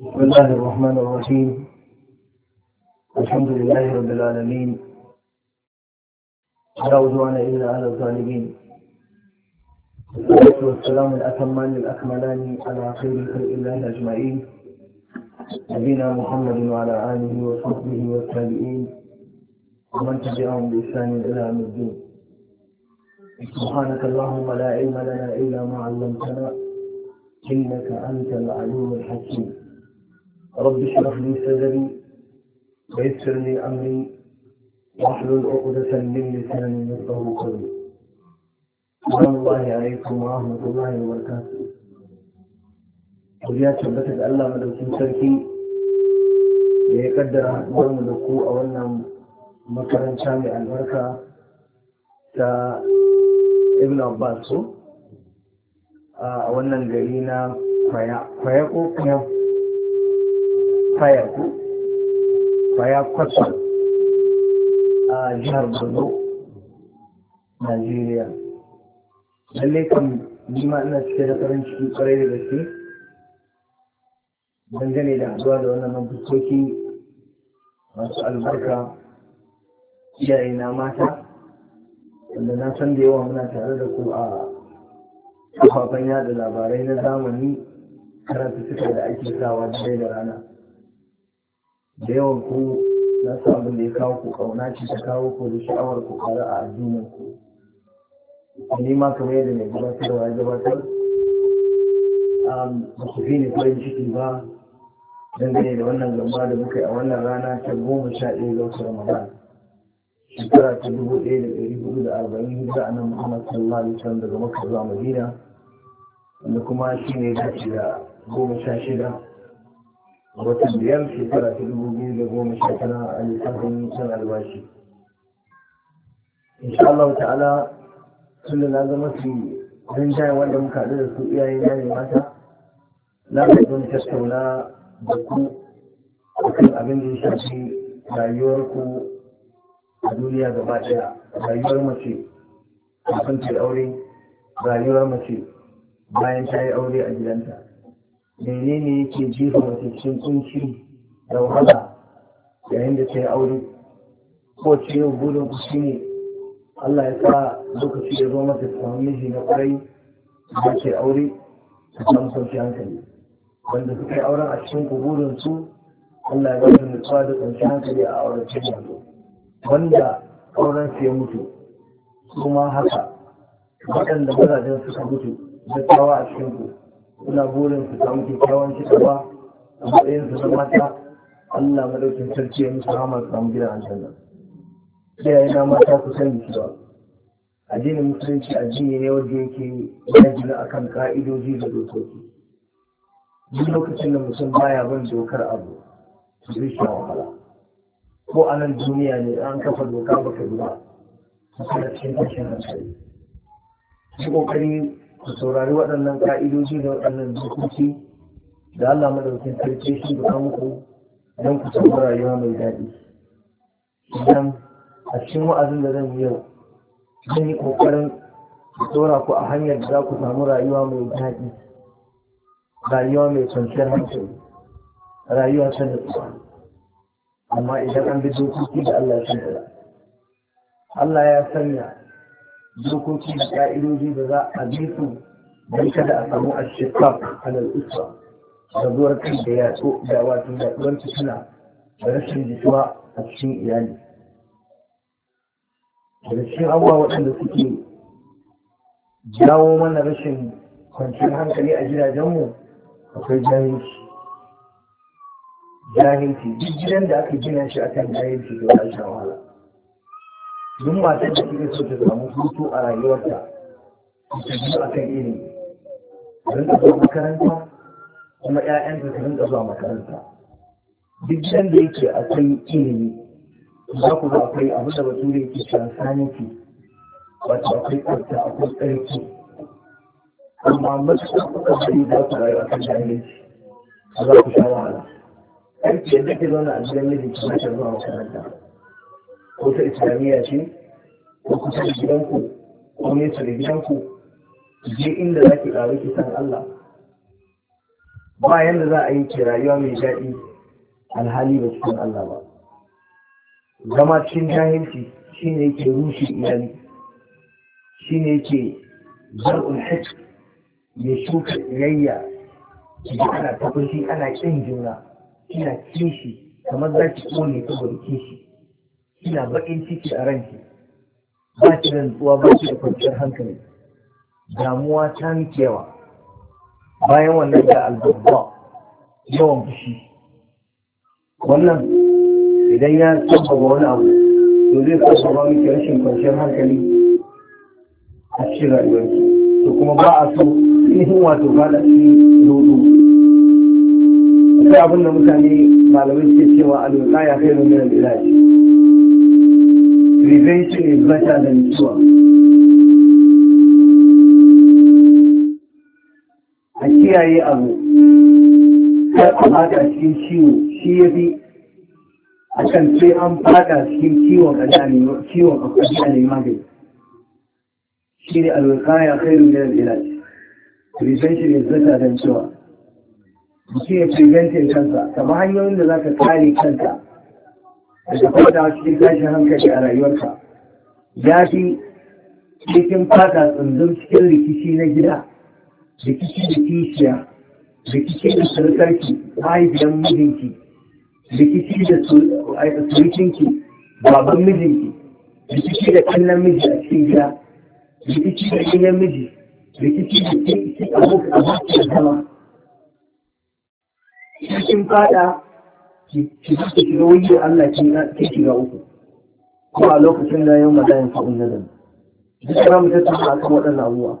بسم الله الرحمن الرحيم الحمد لله رب العالمين لا عدوان إلا على الظالمين والصلاة والسلام الأتمان الأكملان على خير خلق الله أجمعين نبينا محمد وعلى آله وصحبه والتابعين ومن تبعهم بإحسان إلى يوم الدين سبحانك اللهم لا علم لنا إلا ما علمتنا إنك أنت العليم الحكيم رب اشرح لي صدري ويسر لي امري واحلل عقدة من لساني يفقه قولي السلام الله عليكم ورحمة الله وبركاته Kuriya tabbatar da Allah madaukin sarki da ya kaddara haɗuwar mu da ku a wannan makaranta mai albarka ta Ibn Abbas a wannan gari na Kwaya. Kwaya ko Kwaya? fayar ku a jihar borno najeriya lallai kan nima ina cike da farin ciki kwarai da gaske dangane da haduwa da wannan fuskoki masu albarka iyaye na mata wanda na san da yawa muna tare da ku a kafafen yada labarai na zamani karatu suka da ake sawa da rana da yawan ku na su abin da ya kawo ku kauna ce ta kawo ku da sha'awar ku kare a addinin ku ni ma kamar yadda mai gabatarwa ya gabatar ba ku fi ni farin ciki ba dangane da wannan gamba da muka yi a wannan rana ta goma sha ɗaya ga wata ramadan shekara ta dubu ɗaya da ɗari hudu da arba'in hijira a nan muhammad sallallahu alaihi wasallam daga makka zuwa madina wanda kuma shi ne ya dace da goma sha shida a watan biyar shekara ta dubu biyu da goma sha tara a littafin san albashi insha Allah ta'ala tunda na zama su rinjaye wanda muka haɗu da su iyaye na ne mata na ka zan tattauna da ku akan abin da ya shafi rayuwarku a duniya gaba ɗaya rayuwar mace kafin ta aure rayuwar mace bayan ta yi aure a gidanta ne yake jefa mutuncin cikin kunci da wahala yayin da ta yi aure ko ce yau burin ku shi ne Allah ya sa lokaci ya zo mata ta miji na kwarai da ke aure ta samu sauki hankali wanda suka yi auren a cikin kuburin su Allah ya ba su nutsuwa da kwanci hankali a auren cikin wanda auren su ya mutu su ma haka waɗanda mazajen suka mutu da tsawa a cikin ku suna burin su samu kyakkyawan shi ba a matsayin su na mata Allah madaukin sarki ya musu hama su samu gidan aljanna sai ya na mata ku sani shi ba addinin musulunci addini ne wanda yake yajina akan ka'idoji da dokoki duk lokacin da mutum baya bin dokar abu su zai sha wahala ko a nan duniya ne an kafa doka baka yi su a cikin kashin hankali su kokari ku saurari waɗannan ka'idoji da waɗannan dokoki da Allah madaukakin sarki shi da kanku don ku samu rayuwa mai daɗi idan a cikin wa'azin da zan yi yau zan yi ƙoƙarin tsora ku a hanyar da za ku samu rayuwa mai daɗi rayuwa mai kwanciyar hankali rayuwa ta nutsuwa amma idan an bi dokoki da Allah ya sanya Allah ya sanya dokoki da ka'idoji da za a bi su don kada a samu a shekaf alal usra rabuwar kan da yatsu da wato yaduwar fitina da rashin jituwa a cikin iyali da cikin abubuwa waɗanda suke jawo mana rashin kwanciyar hankali a gidajenmu akwai jahilci jahilci duk gidan da aka gina shi akan jahilci to ya wahala duk matan da ke so ta samu hutu a rayuwarta ta biyu a kan ilimi ta zuwa makaranta kuma 'ya'yanta su rinka zuwa makaranta duk gidan da yake akwai ilimi za ku ga akwai abin da bature yake cewa sanity wato akwai tsarta akwai tsarki amma matuƙar kuka bari za ku rayu a kan jahilci za ku sha wahala aiki yadda ke zauna a gidan da kamar ta zuwa makaranta ko islamiyya ce ko kusa da gidanku ko nesa da gidanku je inda za ki ƙaru ki Allah ba yadda za a yi ke rayuwa mai daɗi alhali ba cikin Allah ba zama cikin jahilci shine yake rushe iyali shine yake zarɓin hajj ya shuka iyayya ki ji ana tafashi ana ƙin juna ina kishi kamar za ki ƙone saboda kishi kina baƙin ciki a ranki ba ki da nutsuwa ba ki da kwanciyar hankali damuwa ta miki yawa bayan wannan da albabba yawan fushi wannan idan ya sabbaba wani abu to zai sabbaba miki rashin kwanciyar hankali a cikin rayuwarki to kuma ba a so ainihin wato fada cikin rudu akwai abin da mutane malamai suke cewa alwaka ya kai min ilaji Prevention is better than cure. A kiyaye abu, kar a fada cikin ciwo shi ya fi a kan sai an fada cikin ciwon a ne magani. Shi ne alwakaya kai rundunar ilaci. Prevention is better than cure. Mutum ya preventin kansa, kamar hanyoyin da za ka kare kanka da kwada cikin tashin hankali a rayuwarka ya fi cikin fata tsundun cikin rikici na gida rikici da kishiya rikici da surukarki mahaifiyar mijinki rikici da surukinki baban mijinki rikici da kannan miji a cikin gida rikici da kannan miji rikici da abokan zama cikin fata. ki shiga wuce Allah ki shiga uku ko a lokacin da yau madayin fa'un na dami duk za mu tattauna a kan waɗannan abubuwa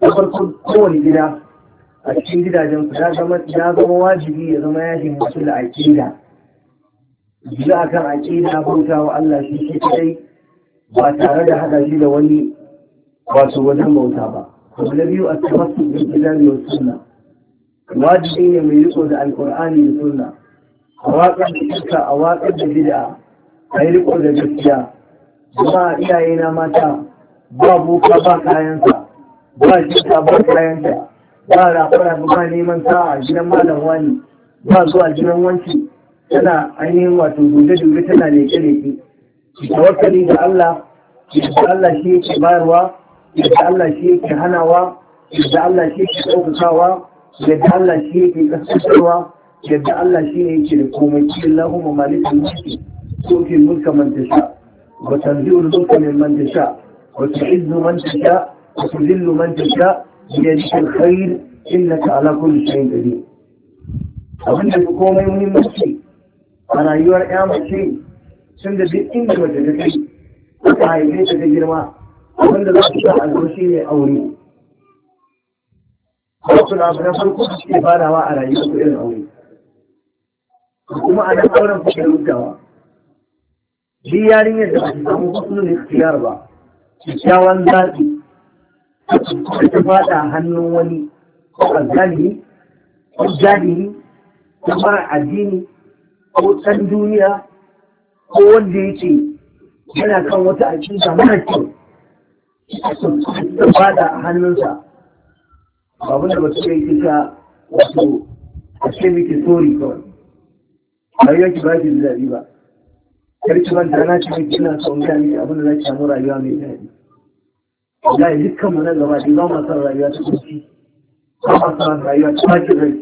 na farko kowane gida a cikin gidajen ku ya zama wajibi ya zama ya himmatu da aƙida gida a kan aƙida bauta wa Allah shi shi kadai ba tare da haɗa shi da wani wato wajen bauta ba abu na biyu a tabbatu da gidan mai sunna wajibi ne mai riko da alƙur'ani da sunna a waƙar da shirka a waƙar da bid'a a yi riko da gaskiya ba iyaye na mata ba buka ba kayansa ba jinka ba kayanta ba rafara ba neman a gidan malam wani ba zuwa gidan wanki tana ainihin wato dube-dube tana leke-leke tawakkali da Allah yadda Allah shi yake bayarwa yadda Allah shi yake hanawa yadda Allah shi yake ɗaukakawa yadda Allah shi yake yadda Allah shi ne yake da komai cikin lahumma malikul mulki ko ke mulka man tasha wa tanzi'ul mulka mimman tasha wa tu'izzu man tasha wa tuzillu man tasha bi yadikal khair innaka ala kulli shay'in qadir abin da komai mulki, a rayuwar ya mace sun da duk inda mace ta kai aka haife ta ta girma abin da za su sa a shi ne aure. abu na farko suke farawa a rayuwar irin aure. kuma a nan auren kuke rubutawa shi yarinyar da ba su samu husnul ikhtiyar ba kyakkyawan zaɓi da ta faɗa hannun wani ko azzalimi ko jahili ko addini ko ɗan duniya ko wanda yake yana kan wata aƙida mara kyau ta faɗa a hannunsa babu da ba su kai kika wato a ce miki sori kawai rayuwa ki ba ki da daɗi ba kar ki manta na ci mai ina son gani abin da za ki samu rayuwa mai daɗi wallahi dukkan mu nan gaba ɗaya ba mu san rayuwa ta kuci ba mu san rayuwa ta baki rai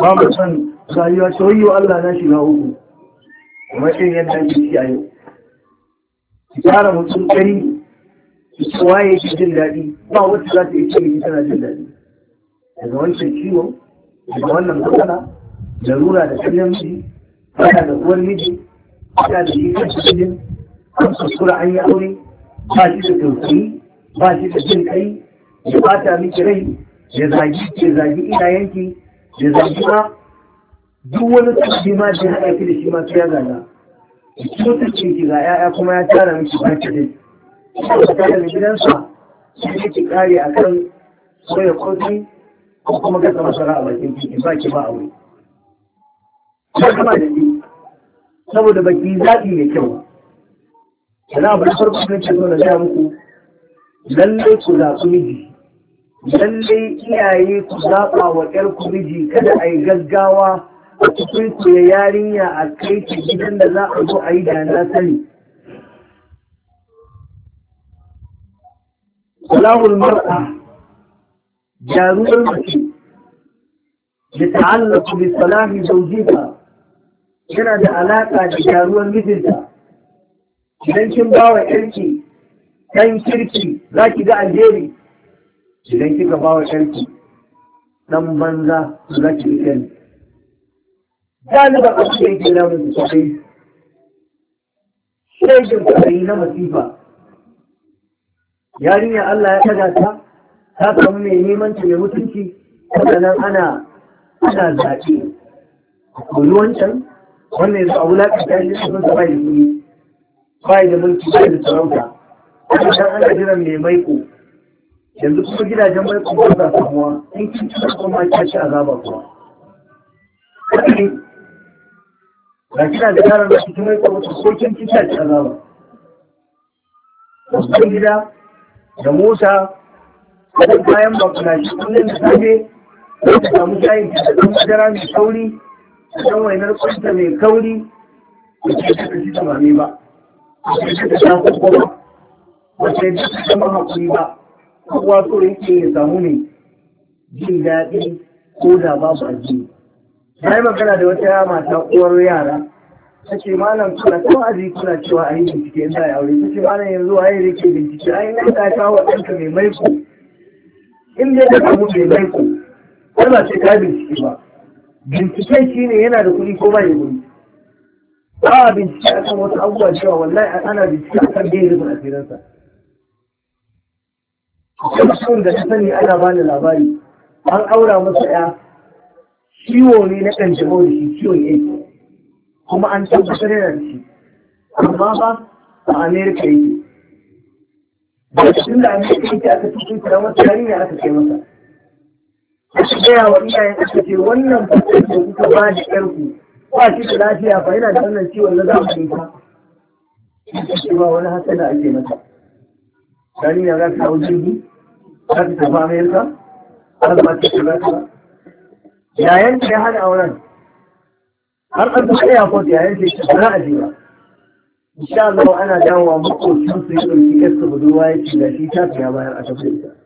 ba mu san rayuwa ta wayo Allah na shiga uku kuma shin yadda ki ci a yau ki tsara mutum ɗari ki waye ki jin daɗi ba wacce za ta yi ce miki tana jin daɗi daga wancan ciwo daga wannan matsala larura da kallon shi yana da uwar miji ta da shi kan cikin an kuskura an yi aure ba shi da tausayi ba shi da jin kai ya bata miki rai ya zagi ya zagi iyayenki ya zagi ma duk wani sabbi ma da haɗa ki da shi ma ya zaga mutuncin ki ga 'ya'ya kuma ya tara miki barci dai ya tara mai gidansa sai yake kare akan soya kofi ko kuma gasa masara a bakin ki ba ki ba aure ya da ni saboda baki zaɓi mai kyau sana abu na farko sai ce na gaya muku lallai ku zaɓi miji lallai iyaye ku zaɓa wa ƴar ku miji kada a yi gaggawa a cikin ku ya yarinya a kai ki gidan da za a zo a yi da na sani Salahul mar'a jaruwar mace da ta'allaku bi salahi zaujika yana da alaƙa da gyaruwar mijinta idan kin ba wa ɗan kirki za ki ga aljeri idan kika ba wa ƴarki ɗan banza za ki ga ƴarki galiban a cikin ke na mutu kwaɗai shaikin na masifa yarinya Allah ya taga ta ta samu mai neman ta mai mutunci sannan ana ana zaɓe a wancan wannan yanzu a ta yi sunan sa bai da bai da mulki bai da sarauta kuma ta ana jiran mai maiko yanzu kuma gidajen maiko ba za su kuma in kin ci da kuma ta ci azaba kuma ga kina da yaran da kuma maiko ba ko kin ci ci azaba babban gida da mota da bayan kuna shi kullum da safe ka samu shayin da kuma madara mai sauri don wainar kwanta mai kauri da ke da shi tamami ba da ke ta kuma ba wata da ta kama ba kowa so yake ya samu ne jin daɗi ko da babu aji na yi magana da wata mata uwar yara ta ce malam kuna kuma aji kuna cewa a yi bincike in za a aure ta ce malam yanzu a yi rike bincike a yi nan ta kawo ɗanka mai maiko in dai ka samu mai maiko ba ce ka bincike ba binciken shi ne yana da kuɗi ko bai da kuɗi ba a bincike a kan wasu abubuwa cewa wallahi ana bincike a kan da ya rufe asirinsa mutum da ta sani ana ba ni labari an aura masa ya ciwo ne na ƙanjamau da shi ciwon yake kuma an tabbatar yana da shi amma ba a amerika yake da shi da amerika yake aka tukunta masa yarinya aka kai masa ku gaya wa iyayen ka ce wannan fatan da kuka ba da ƴarku ba shi da lafiya ba, yana da wannan ciwon na yi zamani fa ba wani hasada ake mata gani ya za ta hau jirgi za ta tafi ka. har ba ta shiga ta yayan ta ya hana auren har an tafi airport yayan ta ta fara a jiwa insha Allah ana dawowa makocin su yi ɗauki ƙasa budurwa ya ce da shi ta fiya bayar a tafi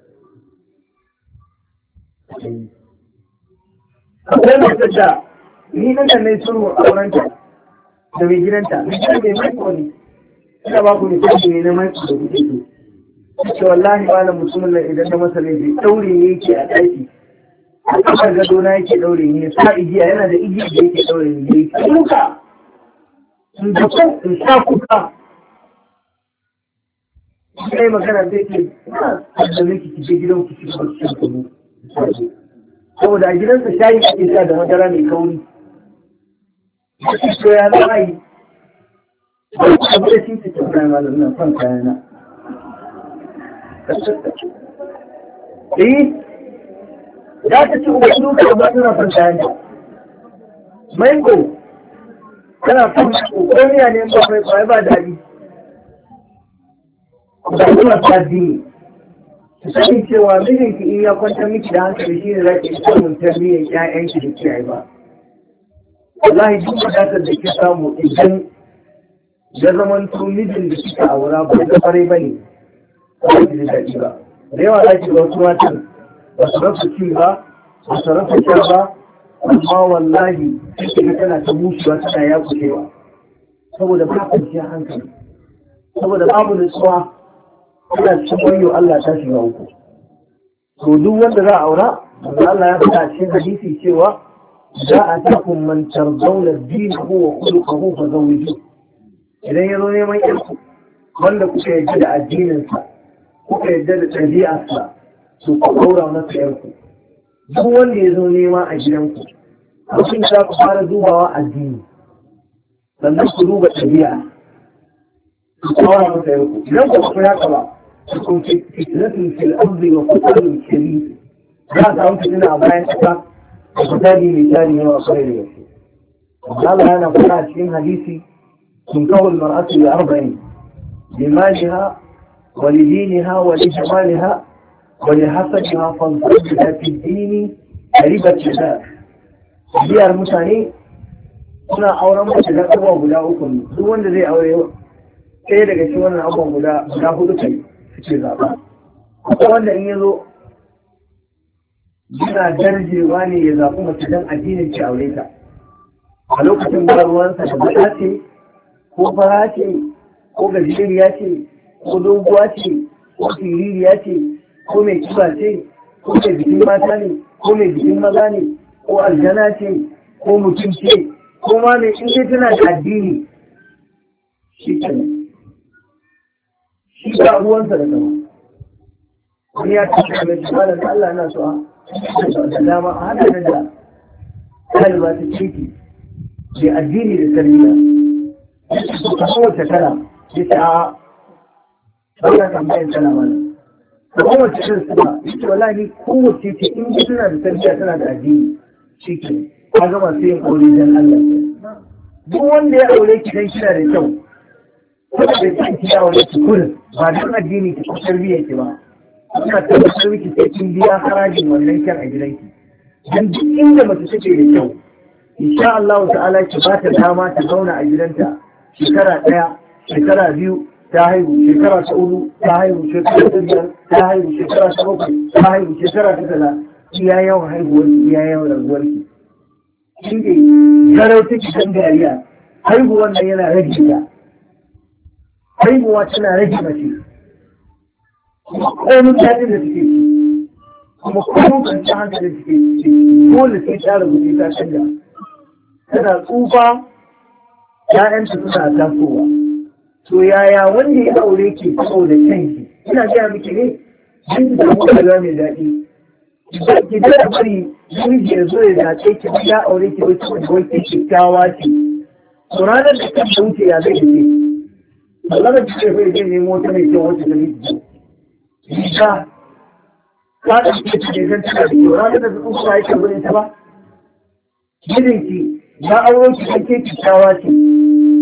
akwai masu da ni nan da mai suru a wurinta da mai gidanta mai gidan mai mai kone ina ba ku misali ne na mai da kuke ke ce wallahi malam mutumin nan idan na masa ne laifi ɗaure ne yake a ɗaki a kafar gado na yake ɗaure ne sa igiya yana da igiya da yake ɗaure ne da yake ɗauka in da ku in sa kuka sai magana zai ke na da miki ki je gidan ku ki ba ki saboda a gidansa shayi ake sha da madara mai kauri shi ya za a yi abu da shi cikin kayan malam na son kayan na eh, za ta ci uba duka amma tana son kayan ta mango tana son ko miya ne ba mai ba daɗi ba kuma sabbi sani cewa mijinki in ya kwanta miki da hankali shi ne za ki samun tarbiyyar ƴaƴanki da kiyaye ba wallahi duk wadatar da ke samu idan ya zaman mijin da kika aura ba da kwarai ba ne ba ki da daɗi ba da yawa za ki ga wasu matan ba su rasa ci ba ba su rasa sha ba amma wallahi sai tana ta mutuwa tana ya kushewa. saboda ba ji hankali saboda babu nutsuwa ina cikin koyo Allah ta shiga uku to duk wanda za a aura Allah ya faɗa cikin hadisi cewa za a takun man tarzauna ko wa kudu ka khuluquhu zaune zawiju idan ya zo neman yanku wanda kuka yadda da addininsa kuka yadda da ɗabi'arsa to ku ɗaura masa yanku duk wanda ya zo nema a gidanku mutum ta ku fara dubawa addini sannan ku duba ɗabi'a ku ɗaura masa yanku idan ku ku haka ba تكون فتنة في الأرض وقتل كبير بعد تعرف إن أبراهيم كفا وقتالي لتالي وأصير يحيي قال أنا قرأت في حديثي تنكر المرأة لأربعين لمالها ولدينها ولجمالها ولحسبها فانصبها في الدين قريبة الشباب هي المتاني أنا auren mace da abubuwa guda uku duk wanda zai aure ɗaya daga suke zaɓa kuma wanda in ya zo yana darjewa ne ya zaɓi mace don addinin ci aure ta a lokacin ba ruwansa da baƙa ce ko fara ce ko gajeriya ce ko doguwa ce ko siririya ce ko mai kiba ce ko mai bikin mata ne ko mai bikin maza ne ko aljana ce ko mutum ce ko ma mai in tana da addini shi shi ba ruwansa da gaba wani ya cika da mai malam da Allah na so a da dama a hada da kalma ta ciki ke addini da tarbiyya a kowace kala ya ce a wannan tambayar tana mana a kowace kan suna ya ce wala ni kowace ce in ji tana da tarbiyya tana da addini shi ke ka gama sai yin aure don Allah duk wanda ya aure ki dan kina da kyau wanda bai san kiya wani kurin ba don addini ki ko tarbiyyar ki ba ina tabbatar miki sai kin biya harajin wannan kyan a gidanki dan duk inda mace take da kyau insha Allah ta'ala ki ba ta dama ta zauna a gidanta shekara ɗaya shekara biyu ta haihu shekara ta uku ta haihu shekara ta biyar ta haihu shekara ta bakwai ta haihu shekara ta tala iya yawan haihuwar iya yawan raguwar ki shi ne garau take dan dariya haihuwar nan yana rage ta haihuwa tana rage mace kuma komin daɗin da suke kuma komin kwanciyar hankali da suke dole sai ta rubuce ta canja tana tsufa ‘ya'yanta suna tasowa to yaya wanda ya aure ke kawo da canki ina gaya miki ne jin da mu kaza mai daɗi ki da bari miji ya zo ya zace ki ya aure ki wacce wacce kyakkyawa ce to ranar da ta wuce ya zai da ke ba za ka ci karfe zai nemo ta mai kyau wata gani ta ta da ke cikin kan tana da yau ranar da su kuma ba yake wurin ta ba ki, ya auro ki kan ke kyakkyawa ce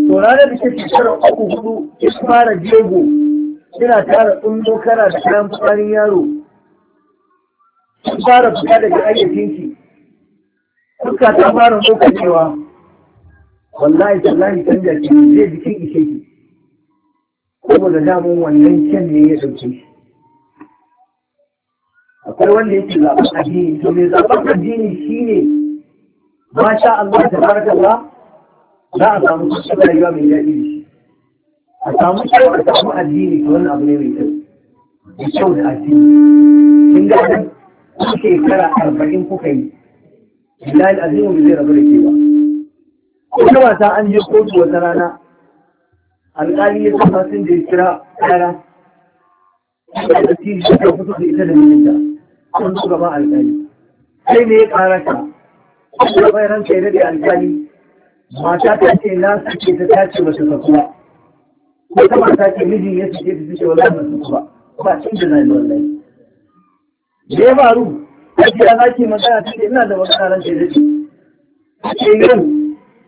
to ranar da ke shekarar uku hudu ya fara jego kina tara tsundo kana da kayan fitsarin yaro sun fara fita daga ayyacinki Kuka ta fara tsokacewa, wallahi tallahi canja ki zai jikin ishe ki. saboda damun wannan kyan ne ya ɗauke akwai wanda yake zaɓen addini to mai zaɓen addini ne ma sha Allah ta fara ba za a samu kusa rayuwa mai daɗi da shi a samu kyau a samu addini to wani abu ne mai kyau da kyau da addini kin ga nan kuma shekara arba'in kuka yi billahi azimu bai zai rabu da ke ba ko ta wasa an je kotu wata rana alƙali ya zama sun da ya kira yara da ta ci shi ta fito da ita da mijinta sun su gaba alƙali sai me ya ƙara ta da bai ranka ya daɗe alƙali mata ta ce na sake ta tace ba ta saku ba ta mata ce mijin ya sake ta tace wallahi ba saku ba ba cin da zai wallahi me ya faru ce ya zaki magana ta ce ina da magana ranka ya daɗe Ta ce yau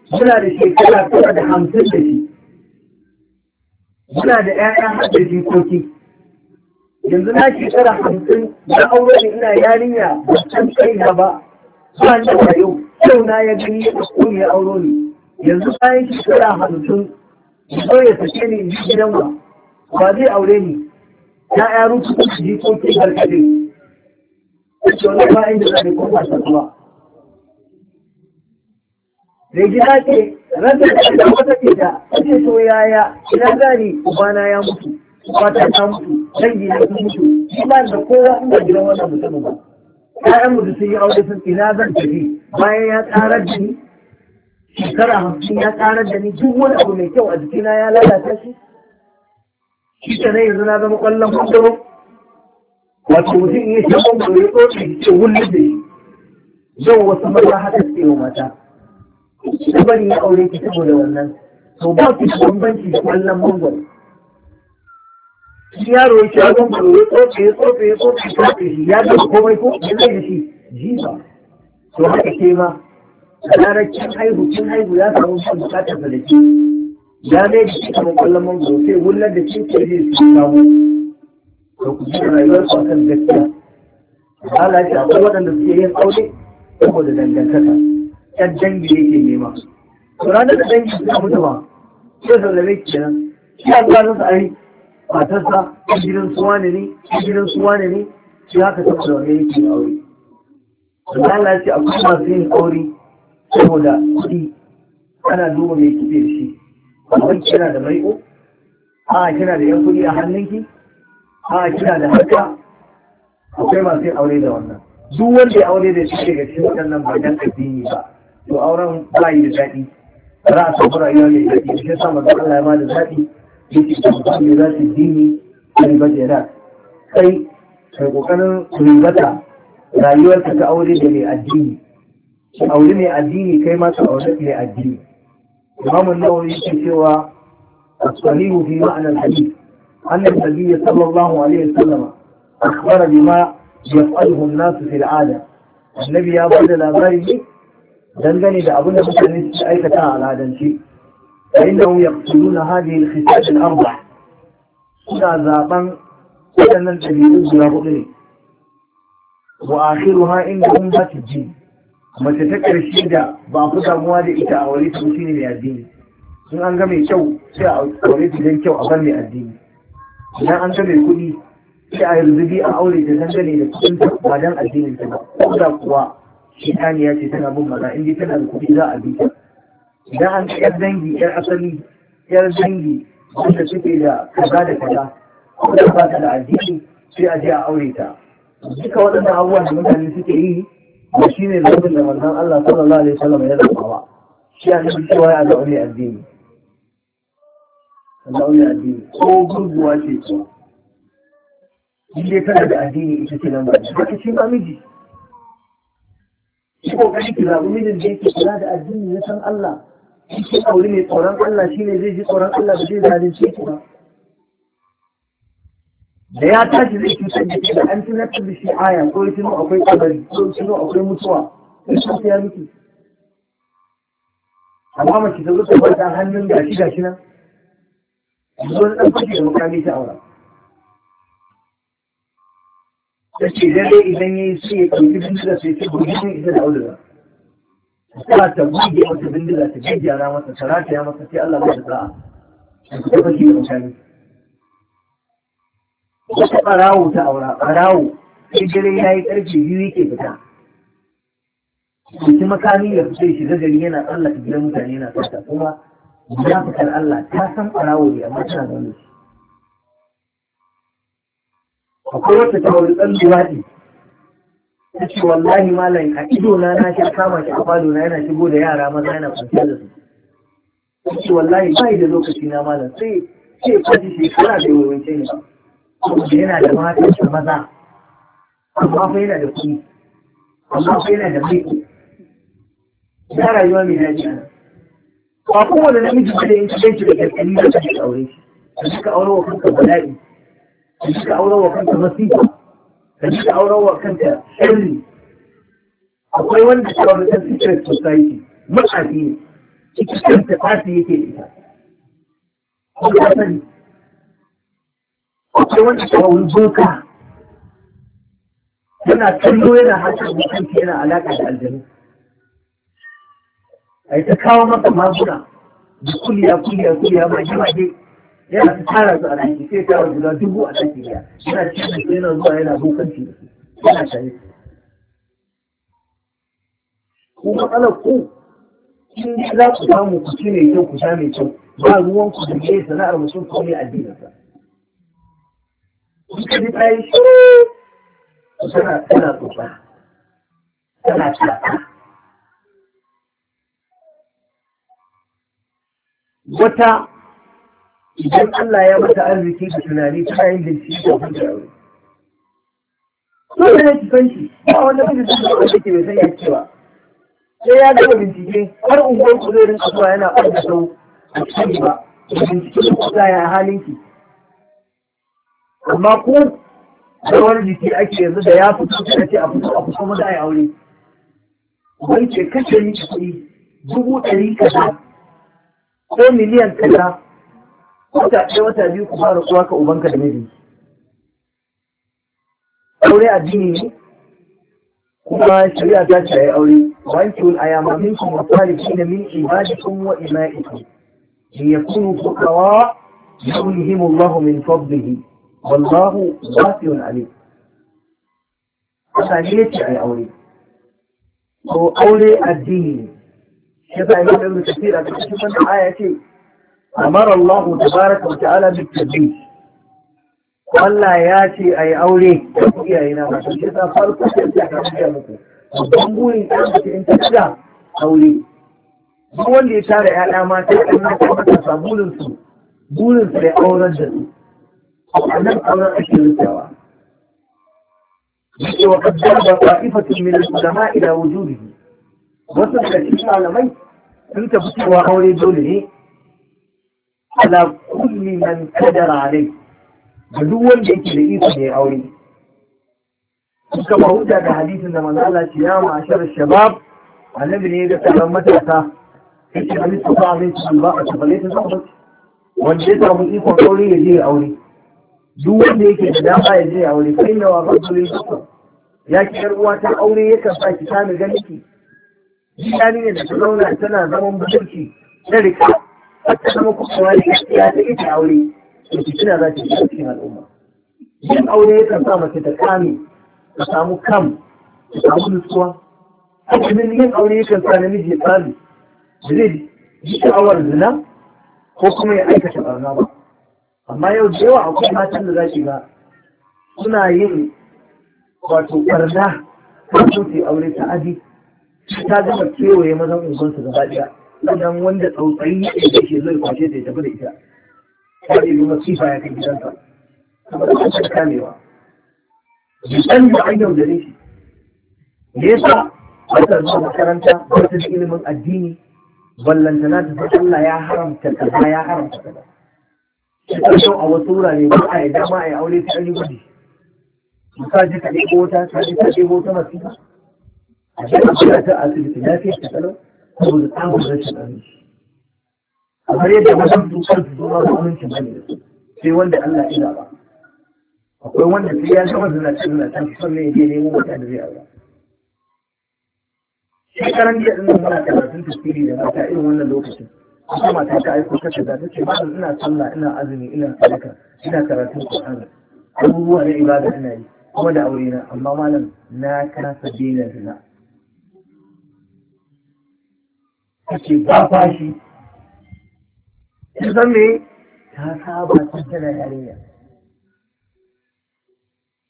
suna da shekara tara da hamsin da shi muna da ƴaƴa haɗe jikoki yanzu na shekara hamsin na aure da ina yarinya ba san kai na ba ba ni da yau yau na ya gani ya ɗauko ya auro ni yanzu bayan shekara hamsin zo ya sake ni in ji gidan ba ba zai aure ni ƴaƴa rutu ko jikoki barkaɗe wani ba inda zai ba. ke? ranar da wata ke da ake so yaya ina gani ubana ya mutu fata ta mutu dangi na sun mutu shi da kowa in ba gidan wannan mutumin ba ƴaƴan mutu sun yi aure sun ina zan tafi bayan ya tsarar da ni shekara hamsin ya tsarar da ni duk wani abu mai kyau a jikina ya lalata shi shi ke nan yanzu na zama ƙwallon kwandoro wato mutum ya shi kwandoro ya ɗauke shi ce wullun da shi yau wasu maza haka suke wa mata shi da bari ya aure ki saboda wannan to ba ki bambanci da wannan mangwaro shi yaro ya ce ya mangwaro ya tsofe ya tsofe ya tsofe ya tsofe shi ya ga komai ko ya zai da shi jifa to haka ke ma ranar kin haihu kin haihu ya samu shi bukatar da ke ya zai da shi kamar kwallon mangwaro sai wullar da ke ke zai su samu to ku ji rayuwar su akan gaskiya Allah ya ce akwai waɗanda suke yin aure saboda dangantaka yan dangi yake nema to ranar da dangi suka mutu ba sai sallame ki kenan shi a zuwa nasa ai matarsa a gidan suwa ne ne a gidan suwa ne ne shi haka ta da wani yake aure Allah Allah ce a akwai su yin aure saboda kudi ana duba mai kife da shi amma kina da maiƙo a kina da yan kudi a hannunki a kina da haka akwai masu yin aure da wannan duk wanda ya aure da shi daga cikin waɗannan ba dan addini ba to auren bayi da daɗi ba za a samu rayuwa mai daɗi shi yasa da Allah ya ma da daɗi yake da ne za su dini kan sai kai kai kokarin ribata rayuwarka ta aure da mai addini aure mai addini kai ma ka aure mai addini imamun nawawi yake cewa as-sahihu fi ma'anar hadith anna an-nabiy sallallahu alaihi wasallam akhbara bima yaf'aluhu an-nas fi al-'ada annabi ya bada labari dangane da abin da mutane su aikata a al'adance fa innahum yaqtuluna hadhihi al-khisal al-arba suna waɗannan ɗabi'u guda hudu ne wa akhiruha indahum ji mace ta ƙarshe da ba ku damuwa da ita a wani shi ne mai addini in an ga mai kyau sai a aure dan kyau a bar mai addini idan an ga mai kuɗi sai a yarzubi a aure ta dangane da kuɗin ba addinin ta ba ko da kuwa shekaniya ce tana bin maza in dai tana da kuɗi za a bi ta idan an yar dangi yar asali yar dangi wanda suke da kaza da kaza ko da ba ta da addini sai a je a aure ta duka waɗannan abubuwan da mutane suke yi da shi ne zafin da manzon Allah sallallahu alaihi wasallam ya zama ba shi a nufin cewa ya zaune addini zaune addini ko gurguwa ce ko in dai tana da addini ita ce nan ba ta shi ba shi kokari ki zaɓi mijin da yake kula da addini na san Allah shi ke aure mai tsoron Allah shi ne zai ji tsoron Allah da zai zalunce ki ba da ya tashi zai cutar da ke da an ci tunatar da shi aya ko ya tuno akwai kabari ko ya tuno akwai mutuwa ya shi ya mutu. amma mace ta zo ta kwanta hannun gashi gashi nan yanzu wani ɗan fashi da makami ta aura ta ce idan ya yi bindiga ita da auduga ta ta Allah ta ɓarawo ta aura ɓarawo sai dare ya yi ƙarfe biyu yake fita makami ya fito shi gari yana tsallaka gidan mutane yana tsaka kuma Allah ta san ɓarawo ne amma tana zaune shi. akwai wata ta wani ɗan jiwaɗi ta ce wallahi malam a ido na na shi kama shi a falo na yana shigo da yara maza yana kwanciya da su ta ce wallahi yi da lokaci na malam sai ce kwaji shekara da yawance ne saboda yana da mata shi maza amma fa yana da kuɗi amma fa yana da mai ya rayuwa mai daji ana ba kowane namiji ba da cikin yanki da gaskani da ke aure shi da suka aure wa kanka bala'i ka ji ka wa kanta masifa ka ji ka wa kanta shirri akwai wanda ta wani ɗan secret society matsafi ne cikin kanta tasi yake ita ko ka sani akwai wanda ta wani boka yana kallo yana harkar mutunci yana alaƙa da aljanu a ta kawo maka maguna da kuliya kuliya kuliya mage mage yana ta tara su a ɗaki sai ta guda dubu a ɗaki ɗaya yana cikin su yana zuwa yana bukanci da su yana shaye ku matsalar ku in za ku samu ku ci mai kyau ku sha mai kyau ba ruwan ku da ke sana'ar mutum ko ne addininsa in ka ji ta yi shiru ku tana tana tsofa tana tsofa wata idan Allah ya mata arziki da tunani tana yin da shi da kuma aure dole ne ki san ba wanda miji da kuma take bai san ya cewa sai ya gama bincike har unguwar ku zai rinka zuwa yana ɓarda sau a cikin ba bincike ku sa ya halin ki amma da wani jiki ake yanzu da ya fito kana ce a fito a fito mu da aure wai kashe ni kuɗi dubu ɗari kaza ko miliyan kaza wata ɗaya wata biyu ku fara uwa ka ubanka da miji aure addini ne kuma shari'a ta ce ya aure wanki wal ayama minkum wa salihin min ibadikum wa ima'ikum li yakunu fuqara yughnihim Allah min fadlihi wallahu wasi'un alim Allah ne yace ai aure ko aure addini ne yasa Imam Ibn Kathir a cikin wannan aya ce amara Allah tabaraka wa ta'ala bi tabi Allah ya ce ai aure da iyaye na ba shi ta farko sai ta kace muku babban burin ta ce in ta ga aure duk wanda ya tara ƴaƴa mata in na mata sabulin su ya auren da su nan auren ake rikewa yake wa kaddar da wasu malamai sun tafi cewa aure dole ne ala kulli man kadara alai ga duk wanda yake da iko ne aure suka mahuta da hadisin da manzo Allah ce ya ma'ashar shabab annabi ne ga taron matasa yace ali su ba zai ci ba a tabbale ta zama wanda ya samu ikon aure ya je ya aure duk wanda yake da dama ya je ya aure kai na wa rabbul ya ki yar uwa ta aure yakan sa ki sami ganin ki ne da ta zauna tana zaman bukurki ta rika wata zama kuma da gaskiya ta ita aure to fitina za ta shiga cikin al'umma yin aure yakan sa mace ta kame ta samu kam ta samu nutsuwa azumin yin aure yakan sa namiji ya tsami zai yi sha'awar zina ko kuma ya aikata barna ba amma yau da yawa akwai matan da za ki ga suna yin wato barna ba su aure ta aji ta gama kewaye mazan unguwansu gaba ɗaya sannan wanda tsautsayi ne da ke zai kwashe da ya tafi da ita ta ne nuna masifa ya kai gidansa kuma da kusa kamewa jikin da an ne shi me yasa ba ta zuwa makaranta wata ta ilimin addini ballantana ta san Allah ya haramta ba ya haramta ba shi karshen a wasu wurare ba a yi dama a yi aure ta yi gudu misali ka ɗebo wata ta ɗebo wata masifa a shi ta asibiti fiye ta kalau saboda tsabar rashin aminci kamar yadda wasu dukkan su zuwa su aminci ba ne sai wanda Allah ina ba akwai wanda sai ya gama zinace zinace sannan ya je nemo wata da zai aura shekaran jiya ɗin muna karatun tafsiri da mata irin wannan lokacin kuma mata ta aiko ta kaza ta ce malam ina sallah ina azumi ina sadaka ina karatun Qur'ani abubuwa na ibada ina yi kuma da aure na amma malam na kasa daina zina ta ce san me ta saba ta tana yarinya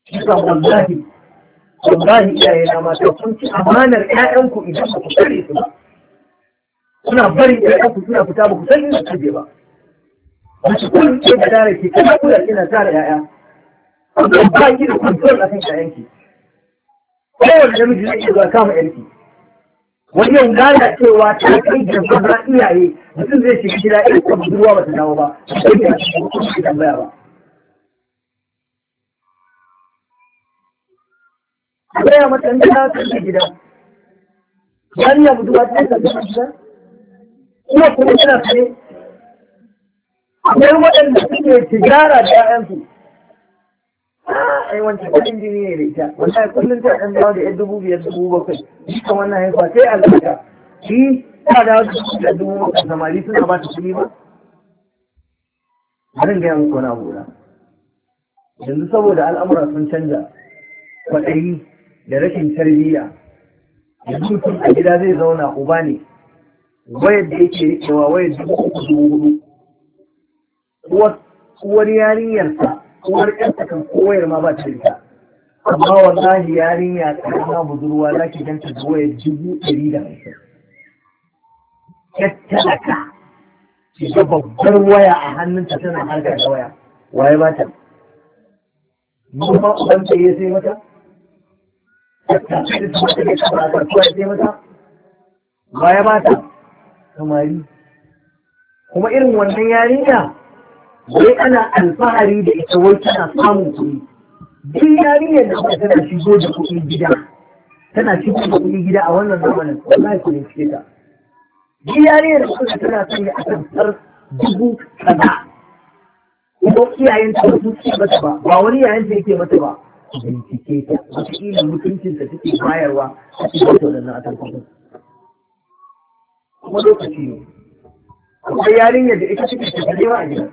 Kisa wallahi, wallahi iyaye na mata ci amanar ‘ya'yanku idan ba ku kare su ba. Kuna bari ‘ya'yanku suna fita ba ku san inda kuje ba. Mace kun ce da tare ke kana kula kina tare ‘ya'ya. ba ki da kun a kan ‘ya'yanki. Kowane namiji zai iya zuwa kama ‘yarki. wajen gane cewa ta kai da zama iyaye mutum zai shiga gida irin ta budurwa ba ta dawo ba sai da shi tambaya ba Gaya mata in ta kai gida. Yariya budurwa ta yi kai gida. Kuma kuma tana kai. Akwai waɗanda suke tijara da 'ya'yansu. ai wancan kudin jini ne da ita Wanda ya kullum ta ɗan dawo da yan dubu biyar dubu bakwai ita wannan haifa sai albarka shi ta dawo da dubu biyar dubu bakwai samari suna ba ta kuɗi ba Zan gaya muku wani abu na yanzu saboda al'amura sun canza kwaɗayi da rashin tarbiyya yanzu mutum a gida zai zauna uba ne wayar da yake rikewa wayar dubu uku dubu hudu uwar yarinyarsa kuma har kan koyar ma ba ta rika amma wallahi yarinya ƙarama budurwa za ki ganta da wayar dubu ɗari da hamsin ka ki ga babbar waya a hannunta tana harkar da waya waye ba ta mun ba uban ta sai mata ta ke kasuwa sai mata ba ta samari kuma irin wannan yarinya wai ana alfahari da ita wai tana samun kuɗi duk yarinyar da kuma tana shigo da kuɗi gida tana shigo da kuɗi gida a wannan zamanin wallahi ku ne ta duk yarinyar da kuma tana sanya a tantar dubu kaza ko iyayen ta wasu ke mata ba ba wani yayan ta yake mata ba bincike ta ila mutuncin ta take bayarwa a cikin wata wannan atamfafin kuma lokaci ne akwai yarinyar da ita take tafiye a gida.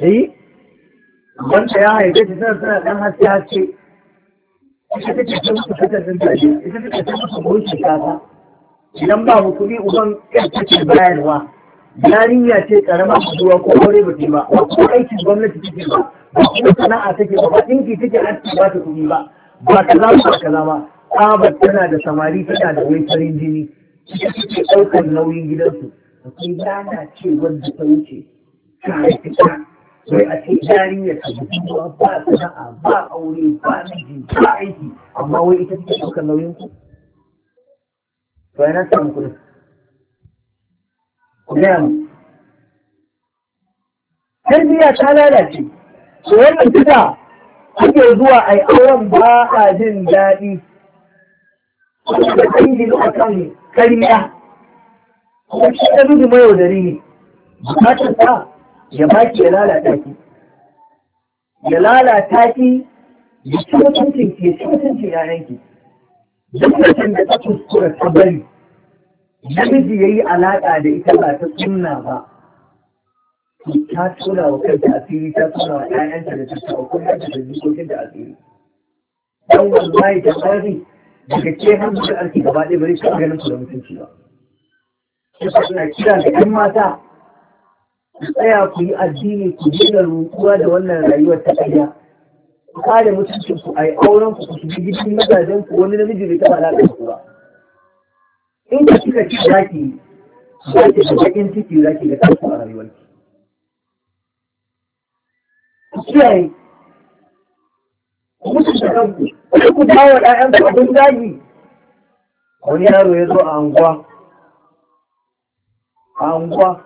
eh wanda ya haife shi sanar ɗan haske haske ita take ta musu fitar ɗin tashi ita take ta musu burki kasa idan babu mu kuɗi uban ƴar take bayarwa yarinya ce karama zuwa ko aure ba ba ba ko aikin gwamnati take ba ba kuma sana'a take ba ba ɗinki take aski ba ta kuɗi ba ba kaza ba kaza ba tsabar tana da samari tana da wai jini ita take ɗaukar nauyin gidansu akwai rana ce da ta wuce ta haifi sai a ce yarinya ta bukuwa ba sana'a ba aure ba miji ba aiki amma wai ita ce ɗaukar nauyin ku to yana samun kuɗi ku gaya mu tarbiyya ta lalace so wannan tuka ake zuwa ai auren ba a jin daɗi Kuma da ɗangin a kan kariya kuma shi ɗan mai yaudari ne bukatar ta ya baki ya lalata ki ya lalata ki ya ci mutuncin ki ya ci mutuncin yayan ki duk da ta kuskura ta bari namiji ya yi alaƙa da ita ba ta sunna ba ta tura wa kanta asiri ta tura wa ƴaƴanta da ta tura kuma ta da jikokin da asiri dan wallahi ta tsari daga ke har zuwa arki gaba ɗaya bari ka ganin su da mutunci ba. Sai suna kira da ƴan mata tsaya ku yi addini ku da rukuwa da wannan rayuwar ta ɗaya ku kare mutuncin ku a yi auren ku ku shiga gidan mazajen ku wani namiji bai taɓa alaƙa ku ba in ka kika ci zaki zaki da baƙin ciki zaki da kanku a rayuwar ki ku kiyaye ku mutunta kanku ku dawo ɗayan ku abin zagi wani yaro ya zo a anguwa a anguwa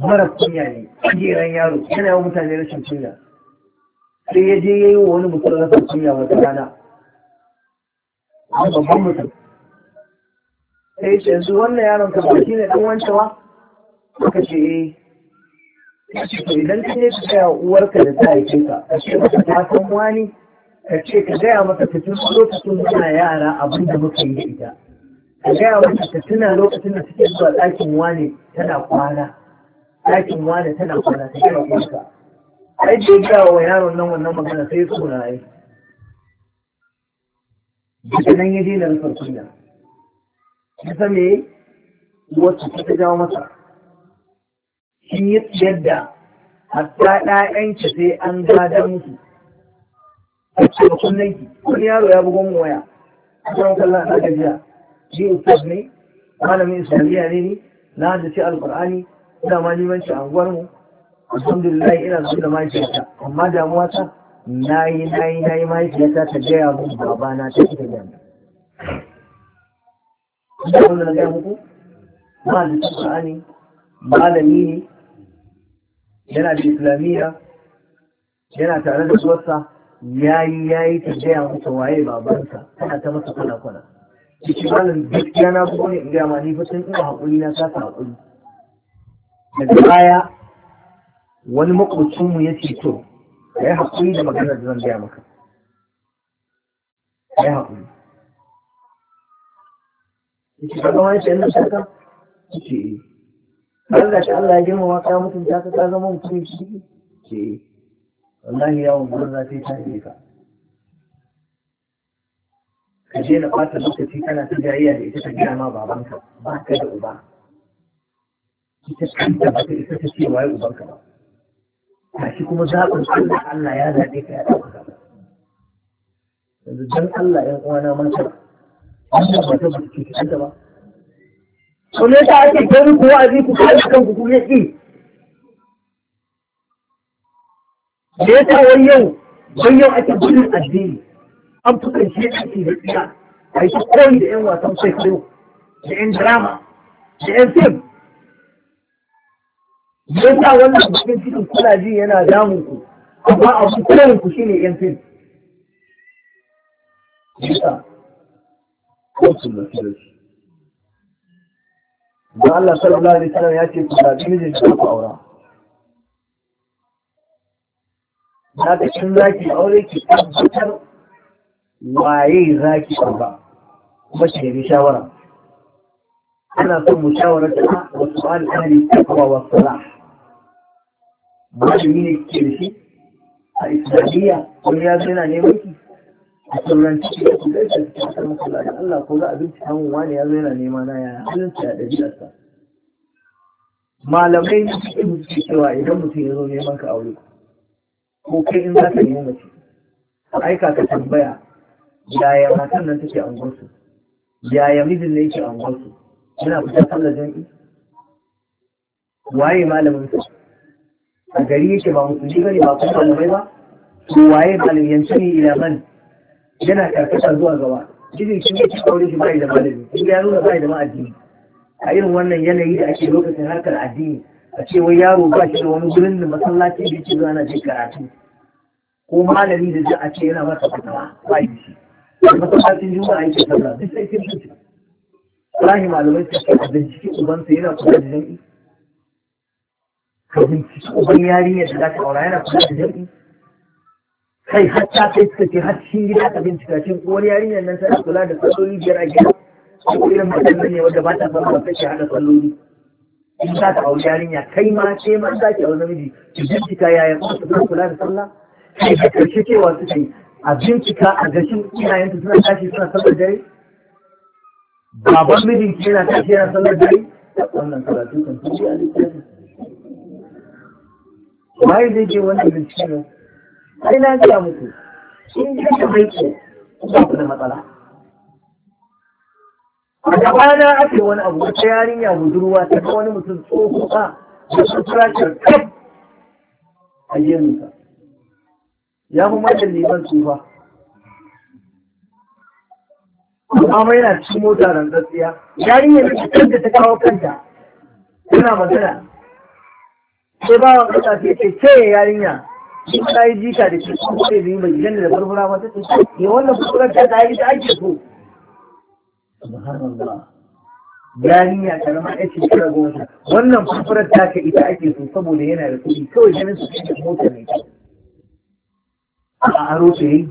mara kunya ne kujeran yaro yana yawan mutane rashin kunya sai ya je ya yi wa wani mutum rashin kunya wata rana babban mutum sai ce yanzu wannan yaron ka baki ne dan wancan ba aka ce eh to idan ka je ka gaya uwarka da ta haife ka ka ce ka ta san wani ka ce ka gaya masa ka tun lokacin muna yara abin da muka yi ita ka gaya masa ka tuna lokacin da suke zuwa ɗakin wani tana kwana ɗakin wane tana kwana ta kira kwanka ai bai gaya wa yaron nan wannan magana sai tsona ai daga nan ya daina rufar kunya kusa me wacce ta jawo masa shi ya yadda hatta ɗayanci sai an gada musu a cikin kunnanki wani yaro ya bugon waya a kan kallon a gajiya shi ustaz ne malamin islamiyya ne ni na haddace alƙur'ani ina ma shi a unguwar mu alhamdulillah ina so da mahaifiyata amma damuwa ta na na yi, yi, na yi mahaifiyata ta gaya mun babana ta ita gaya ina wanda na gaya muku malamin ani, malami ne yana da islamiyya yana tare da suwarsa ya yi ta gaya masa waye babansa tana ta masa kwana kwana cikin malam gaskiya na so ne in gaya ma ni ina haƙuri na sata haƙuri daga baya wani makwacinmu ya ce to ya yi haƙuri da maganar da zan gaya maka ya yi haƙuri ya ce ka zama shi yanzu shaka ya ce yi eh. har da shi Allah ya wa ka mutunta ka ka zama mutum shi ce eh wallahi yawon gudun zafi ta ne ka ka je na ɓata lokaci kana ta jayayya da ita ta gina ma babanka ba ka da uba ita kanta ba ta ita ta ce waye ubanka ba tashi kuma zaɓin Allah Allah ya zaɓe ka ya ɗauka yanzu dan Allah ƴan uwana mata wannan ba ta ba ce ta kanta ba to ne ta ake gani ko a ku kai kan ku kuma yi da ya sa wani yau wani yau ake gudun addini an fi ƙarshe ke da tsiya a yi koyi da ƴan wasan kwaikwayo da ƴan drama da ƴan fim don sa wannan bakin cikin kuna ji yana damun ku amma ku shine yan fil da Allah sallallahu alaihi wasallam ya ce ku da mijin ku aura na ta aure ki tabbatar waye zaki kuma ki nemi shawara ana son mushawarata wa su'al ahli taqwa wa salah malami ne ke da shi a islamiyya wani ya zai neman ki a sauran ciki da kudai da suke kasar masala Allah ko za a bincika mun wani ya zai na ya na yaya halin ya da biyarsa malamai ne suke mutu cewa idan mutum ya zo neman ka aure ko kai in za ka nemi mace aika ka tambaya yaya matan nan take angonsu yaya mijin ne yake angonsu yana fita sallar jami'i waye malamin sa a gari yake ba musulmi ba ne ba kuma malamai ba to waye malamiyanci ne ilaman yana karkata zuwa gaba jirgin shi ne cikin aure shi bai da malami shi ya nuna bai da ma'addini a irin wannan yanayi da ake lokacin harkar addini a ce wai yaro ba shi da wani gurin da masallaci da yake zuwa na je karatu ko malami da za a ce yana masa fitawa ba shi masallacin juma'a yake sallah duk sai kin fice Ibrahim malamai suka bincike ubansa yana kula da jami'i ka binciki uban yarinyar da za ta aura yana kula da jam'i kai hatta kai suka ce har cikin gida ka bincika shin uwar yarinyar nan tana kula da salloli biyar a gida ko irin matan ne wadda ba ta son ba kace hada salloli in za ta aure yarinya kai ma ce ma za ki aure namiji ki bincika yaya kuma su kula da sallah kai da karshe cewa suka yi a bincika a gashin iyayenta suna tashi suna sallar dare baban mijinki yana tashi yana sallar dare wannan karatu kan tuji a littafin waye zai je wannan bincike ne sai na gaya muku in ji da bai ke ba ku da matsala a gabana ake wani abu wata yarinya budurwa ta ga wani mutum tsoho ba da su turakar kaf a jenuka ya fi matan neman tsufa amma yana cikin mota rantsasiya yarinya da ta kawo kanta tana magana sai bawan Allah sai ce ce yarinya in ta yi jika da ke kuma sai zai bai janna da farfara wata ce ne wannan furfurar ta ta yi ta ake so subhanallah yarinya karama ya ce kira goma wannan furfurar ta ka ita ake so saboda yana da kuɗi kawai ganin su cikin mota mai kyau a aro ta yi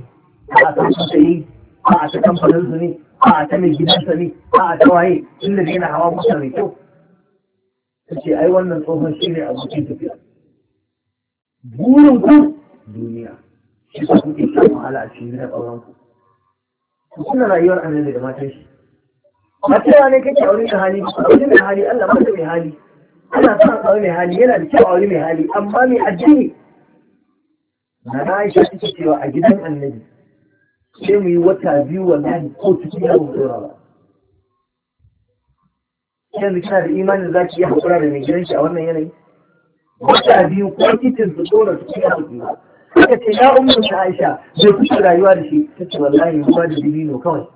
a kasu ta yi a ta kamfanin su ne a ta mai gidansa ne a ta waye inda yana hawa mota mai kyau ce ai wannan tsohon shi ne abokin tafiya burin ku duniya shi ku kuke shan wahala a cikin na auren ku ku kuna rayuwar annabi da matan shi macewa ne kake aure da hali aure mai hali Allah mata mai hali ana son aure mai hali yana da kyau aure mai hali amma mai addini na Aisha take cewa a gidan annabi sai mu yi wata biyu wallahi ko cikin yawon tsorawa. yanzu kina da imanin za ki iya haƙura da mai gidan shi a wannan yanayi wata biyu ko titin su tsora su kina haƙi ba suka ce ya umar ta aisha bai kusa rayuwa da shi ta ce wallahi ruwa da dibino kawai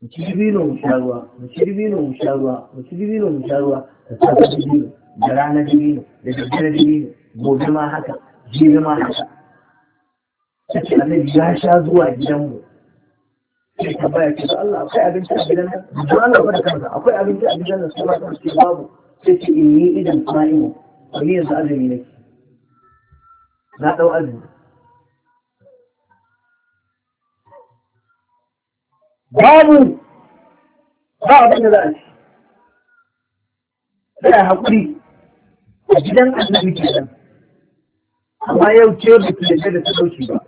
mu ci dibino mu sha ruwa mu ci dibino mu sha ruwa mu ci dibino mu sha ruwa da safe dibino da rana dibino da daddare dibino gobe ma haka jibi ma haka ta ce annabi ya sha zuwa gidanmu أنا أقول أبي جلال الله سبحانه وتعالى سيدي إيدا سماه وليه زعل منك لا توأذن بابو بابنا لا أشي لا هقولي جلال أنا أبي جلال أما يوتيوب تلاقيه تلاقيه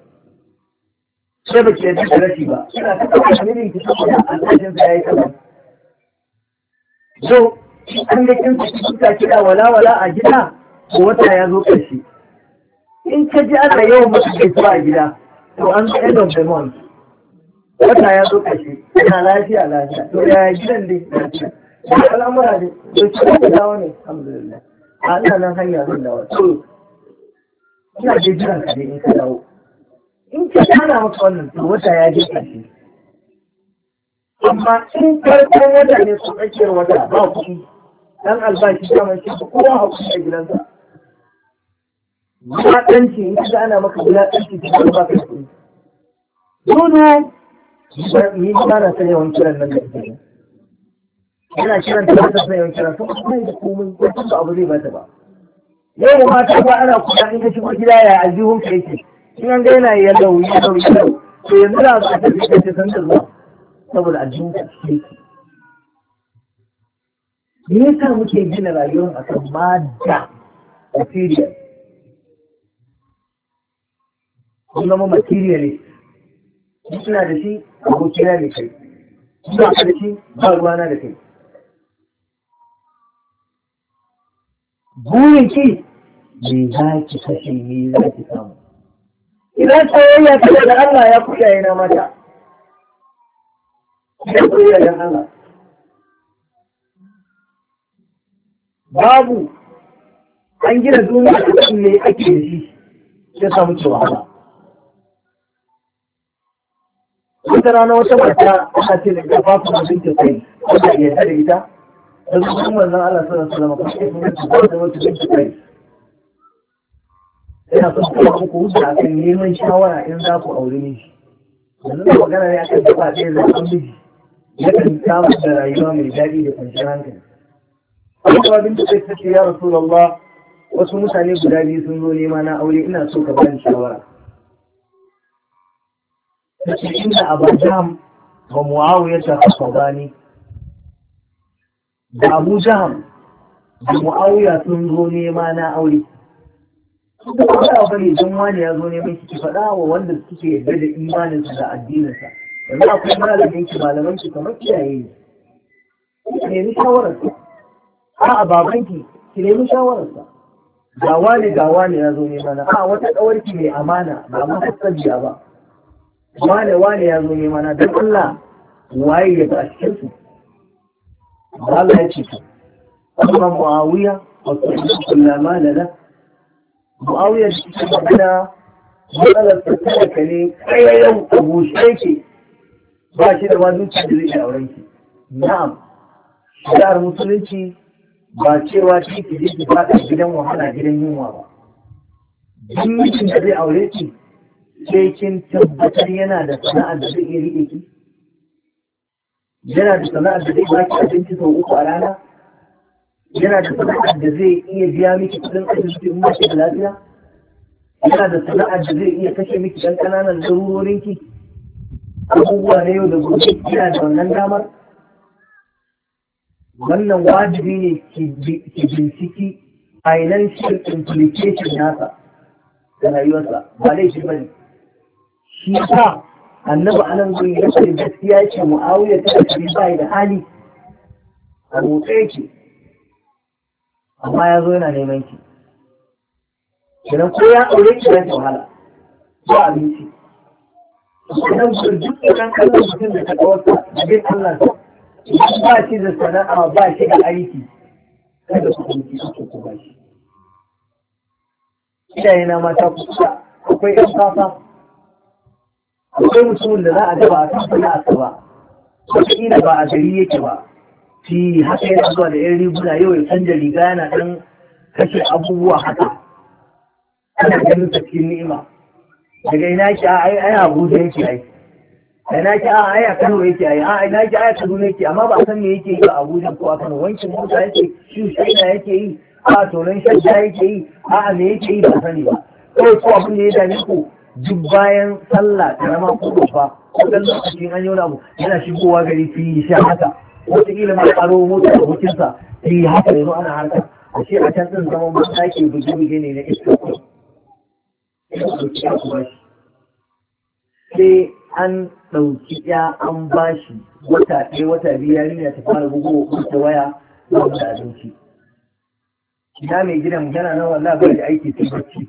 sai ba ke ji rashi ba suna ta ɗauka shirin ki da alƙajin sa yi sama so an ga kin kuka kiɗa wala wala a gida ko wata ya zo ƙarshe in ka ji ana yawan maka gaisuwa a gida to an zo end of the month wata ya zo ƙarshe ina lafiya lafiya to ya gidan dai lafiya al'amura ne to ki ka dawo ne alhamdulillah a ina nan hanya zan dawo to ina je jiran ka ne in ka dawo in ka tana masa wannan to wata ya je ƙarshe amma in farkon wata ne su tsakiyar wata ba kuɗi dan albashi ta mai cikin kowa hakuri a gidansa wulaƙanci in ka ana maka wulaƙanci ta ba ka kuɗi dole ni ba na san yawan kiran nan da ita yana kiran ta ta san yawan kiran kuma kuma da komai ko ba abu zai bata ba yau ma ta ba ana kuɗa in ka shigo gida ya aljihun ka yake in an ga yana yellow yellow yellow to yanzu za su tafi da ta san da zuwa saboda aljihun ka cikin me yasa muke gina rayuwar a kan mada material kun zama materialist suna da shi abokina ne kai suna da shi ba ruwana da kai burin ki me za ki kashe me za ki samu idan soyayya ta da Allah ya kusa yana mata Allah babu an gina duniya a cikin ne ake yi ya samu cewa ba. wata rana wata mata ana ce da gafafu da sun tafi wata iya da ita da zuwa zan Allah sallallahu alaihi wasallam kuma ya fi mutu da wata mutu ina son kuma muku hujja kan neman shawara in za ku aure miji yanzu da magana ya akan gaba ɗaya da an miji yakan samar da rayuwa mai daɗi da kwanciyar hankali Abubuwa bin da ta ce ya Rasulallah wasu mutane guda biyu sun zo nema na aure ina so ka bani shawara. Ta ce inda Abajam ga Muawiyar ta ba ne. da Abu Jaham da Muawiya sun zo nema na aure. suka faɗa ba ne don wani ya zo ne mai kike faɗa wa wanda suke yarda da imaninsa da addininsa yanzu akwai malamin ki malaman ki kamar iyaye ne ki nemi shawararsa a'a baban ki ki nemi shawararsa ga ne ga ne ya zo ne mana a wata ki mai amana ba ma sassabiya ba wane wane ya zo ne mana don Allah waye ya ba a cikin su Allah ya ce to amma muawiya wa kullama lana mu'awiyar shi ta magana matsalar tattalaka ne tsayayen abuce ke, ba shi da mazuci da zai auren ki na'am shari'ar musulunci ba cewa shi ki je ki fada gidan wahala gidan yunwa ba duk mutum da zai aure ki sai kin tabbatar yana da sana'ar da zai iya riƙe ki yana da sana'ar da zai baki abinci sau uku a rana yana da sana'ar da zai iya biya miki kudin asibiti in ba da lafiya yana da sana'ar da zai iya kashe miki dan kananan zarurorin ki abubuwa na yau da gobe yana da wannan damar wannan wajibi ne ki binciki financial implication nasa da rayuwarsa ba laifi ba ne shi sa annabi anan gurin ya ce gaskiya ce mu'awiya ta da hali a motsa yake amma ya zo yana neman ki idan ko ya aure ki zai wahala a abinci idan ku duk idan kallon mutum da ta kawarsa a bin Allah idan ba shi da sana'a ba shi da aiki kada ku ɗauki ake ku ba shi iyaye na mata kusa akwai ɗan fafa akwai mutumin da za a gaba a kan sana'arsa ba wataƙila ba a gari yake ba shi haka yana zuwa da yan riguna yau ya da riga yana ɗan kashe abubuwa haka ana ganin ta cikin ni'ima daga ina ki a ai ai Abuja yake ai da na ki a ai a Kano yake ai a na ki a Kaduna yake amma ba san me yake yi a Abuja ko a Kano wankin mota yake shi na yake yi a toron shaida yake yi a me yake yi ba sani ba kawai ko abin da ya dame ku duk bayan sallah karama ko ba ko dan lokacin an yi wani abu yana shigowa gari fi sha haka wataƙila ma aro mota da hukunsa yi eh, haka yanzu ana harka a shi a can sun zama ma ɗaki buge ne na iska sai an ɗauki ya an bashi wata ɗaya wata biyu yarinya ta fara bugu wata waya wanda abinci ina mai gidan yana nan wallahi bai da aiki sai bacci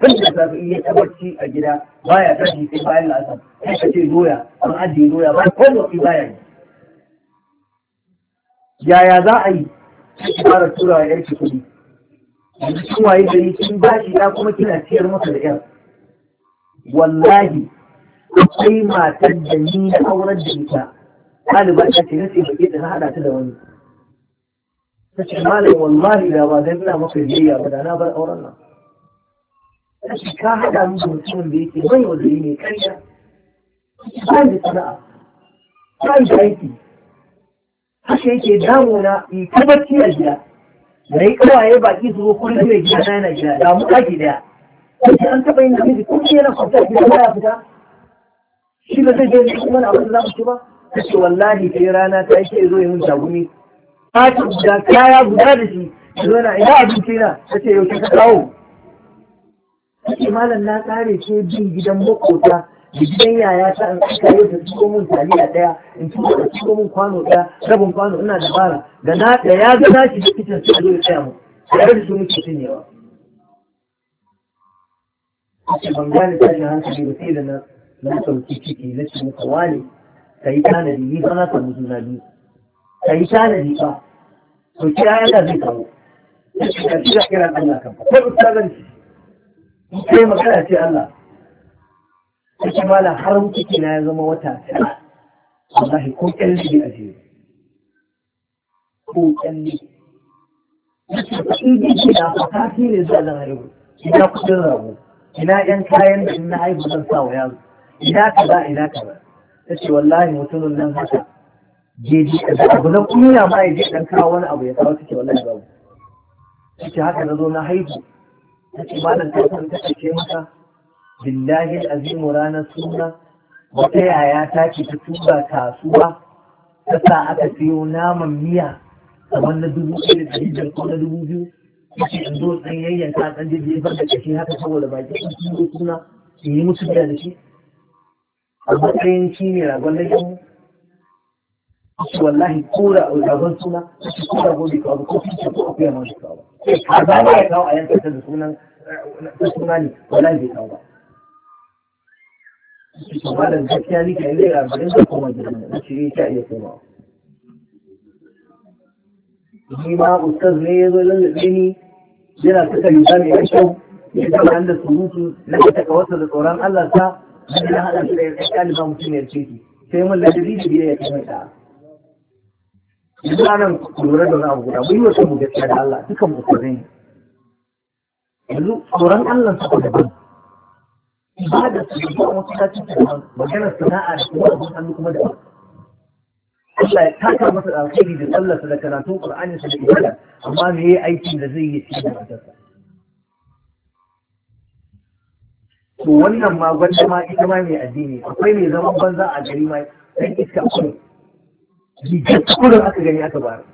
kan da safi iya ya bacci a gida baya tashi sai bayan la'asar sai ka ce doya an ajiye doya ba baya ne yaya za a yi ki fara tura wa yarki kuɗi yanzu kin waye yi kin bashi ya kuma kina ciyar masa da yar wallahi akwai matar da ni na aurar da ita ɗaliba ta ce nace baki da na haɗa ta da wani ta ce malam wallahi da ba zai ina maka biyayya ba da na bar auren nan ta ce ka haɗa mu da mutumin da yake mai waziri mai ƙarya ba da sana'a ba da aiki haka yake damuna yi tabbaci a gida da yi kawaye baki su ko kullum mai gida na yana gida da mu ɗaki daya kuma an taɓa yin namiji kuma yana kwanta a gida ya fita shi ba zai je kuma na abin da za mu ci ba ta ce wallahi ta yi rana ta yake zo ya mun shagumi fatin da kaya guda da shi zo na ina abinci na ta ce yau ta kawo ta ce malam na tsare ke bin gidan makota gidan yaya ta an aka yau da tuko mun taliya daya in tuko da tuko mun kwano daya rabin kwano ina da bara da na da ya ga na shi su sai zo ya tsaya mu tare da su muke cinyewa kace ban gane tashin hankali da sai da na na sauki ciki na ce muka wane yi tanadi ni ba na samu juna biyu kai tanadi ba to kira da zai kawo ka kira kiran Allah kan ko ustazanci in kai magana ce Allah ta mala har ciki na ya zama wata tara wallahi ko kyalle bai aje ko kyalle in ji da fata shi ne zuwa zan haihu ina kudin rago ina yan kayan da ina haihu zan sa wa yaro ina ka ba, ina ka ba. ta ce wallahi mutumin nan haka jeji kaza abu na kunya ma ya je dan kawo wani abu ya kawo ta ce wallahi babu ta ce haka na zo na haihu ta ce malam ta san ta ce maka billahi azimu ranar suna wata yaya ta ke ta tura kasuwa ta sa aka siyo naman miya kamar na dubu ɗaya da ɗari ko na dubu biyu kace in zo ɗan yayyanka ɗan jijjefar da ƙashi haka saboda baki sun turo suna in yi musu biya da shi a matsayin shi ne ragon laifin su wallahi kura ragon suna su kura gobe ka ko fice ko akuya ma su kawo ba har ya kawo a yanka da sunan suna ne wallahi bai kawo ba to malam gaskiya ni ka yi arba'in da kuma jirgin na ce eh, ta iya kuma ni ma ustaz ne ya zo lallaɓe ni yana suka riga mai kyau ya zama da surutu na ta taka wata da tsoron Allah ta na da haɗa su da ya ɗaliba mutum ya ce ki sai mun ladabi da biyar ya kuma ta yanzu anan lura da wani abu guda mun wata mu gaskiya da Allah dukan mu ne. yanzu tsoron Allah su ko daban ibada su da kuma ta ci ta magana sana'a da kuma abin hannu kuma da Allah ya taka masa da alkhairi da sallarsa da karatun Qur'ani da ibada amma me yayi aiki da zai yi cikin da matarsa to wannan ma gwanda ma ita ma mai addini akwai mai zaman banza a gari ma dan iska kuma. jikin kurin aka gani aka bara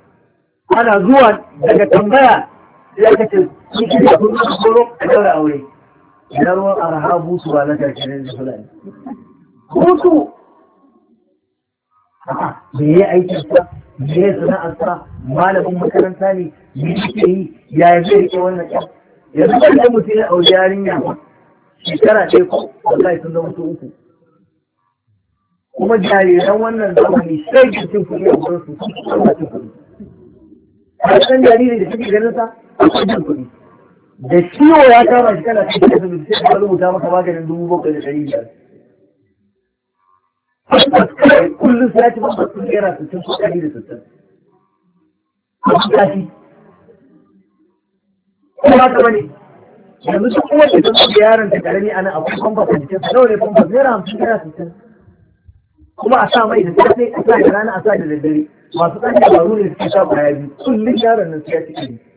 ana zuwa daga tambaya ya kace kike da kuma koro a daura aure yarwar arha busu ba na karkirin fulani busu me yi ya aikinsa me ya sana'arsa malamin makaranta ne me yake yi ya zai rike wannan ƴan yanzu ba da mutum ya auri yarinya shekara ɗaya ko wallahi sun zama su uku kuma jariran wannan zamani sai da cin kuɗi a wurin su kuma cin kuɗi a kan jariri da suke ganin sa a cin kuɗi da ciwo ya kama shi kana cikin asibiti sai ka rubuta maka maganin dubu bakwai da ɗari biyar kullum sai ya ci mamba sun kera sittin ko ɗari da sittin kashi ko ba ka bane yanzu duk kuma ke sun da yaron ta karami a nan akwai kwamfa kwanciyar nawa ne kwamfa naira hamsin naira sittin kuma a sa mai da safe a sa da rana a sa da daddare masu ɗan dabaru ne suke sa kwaya biyu kullum yaron nan sai ya ci ɗari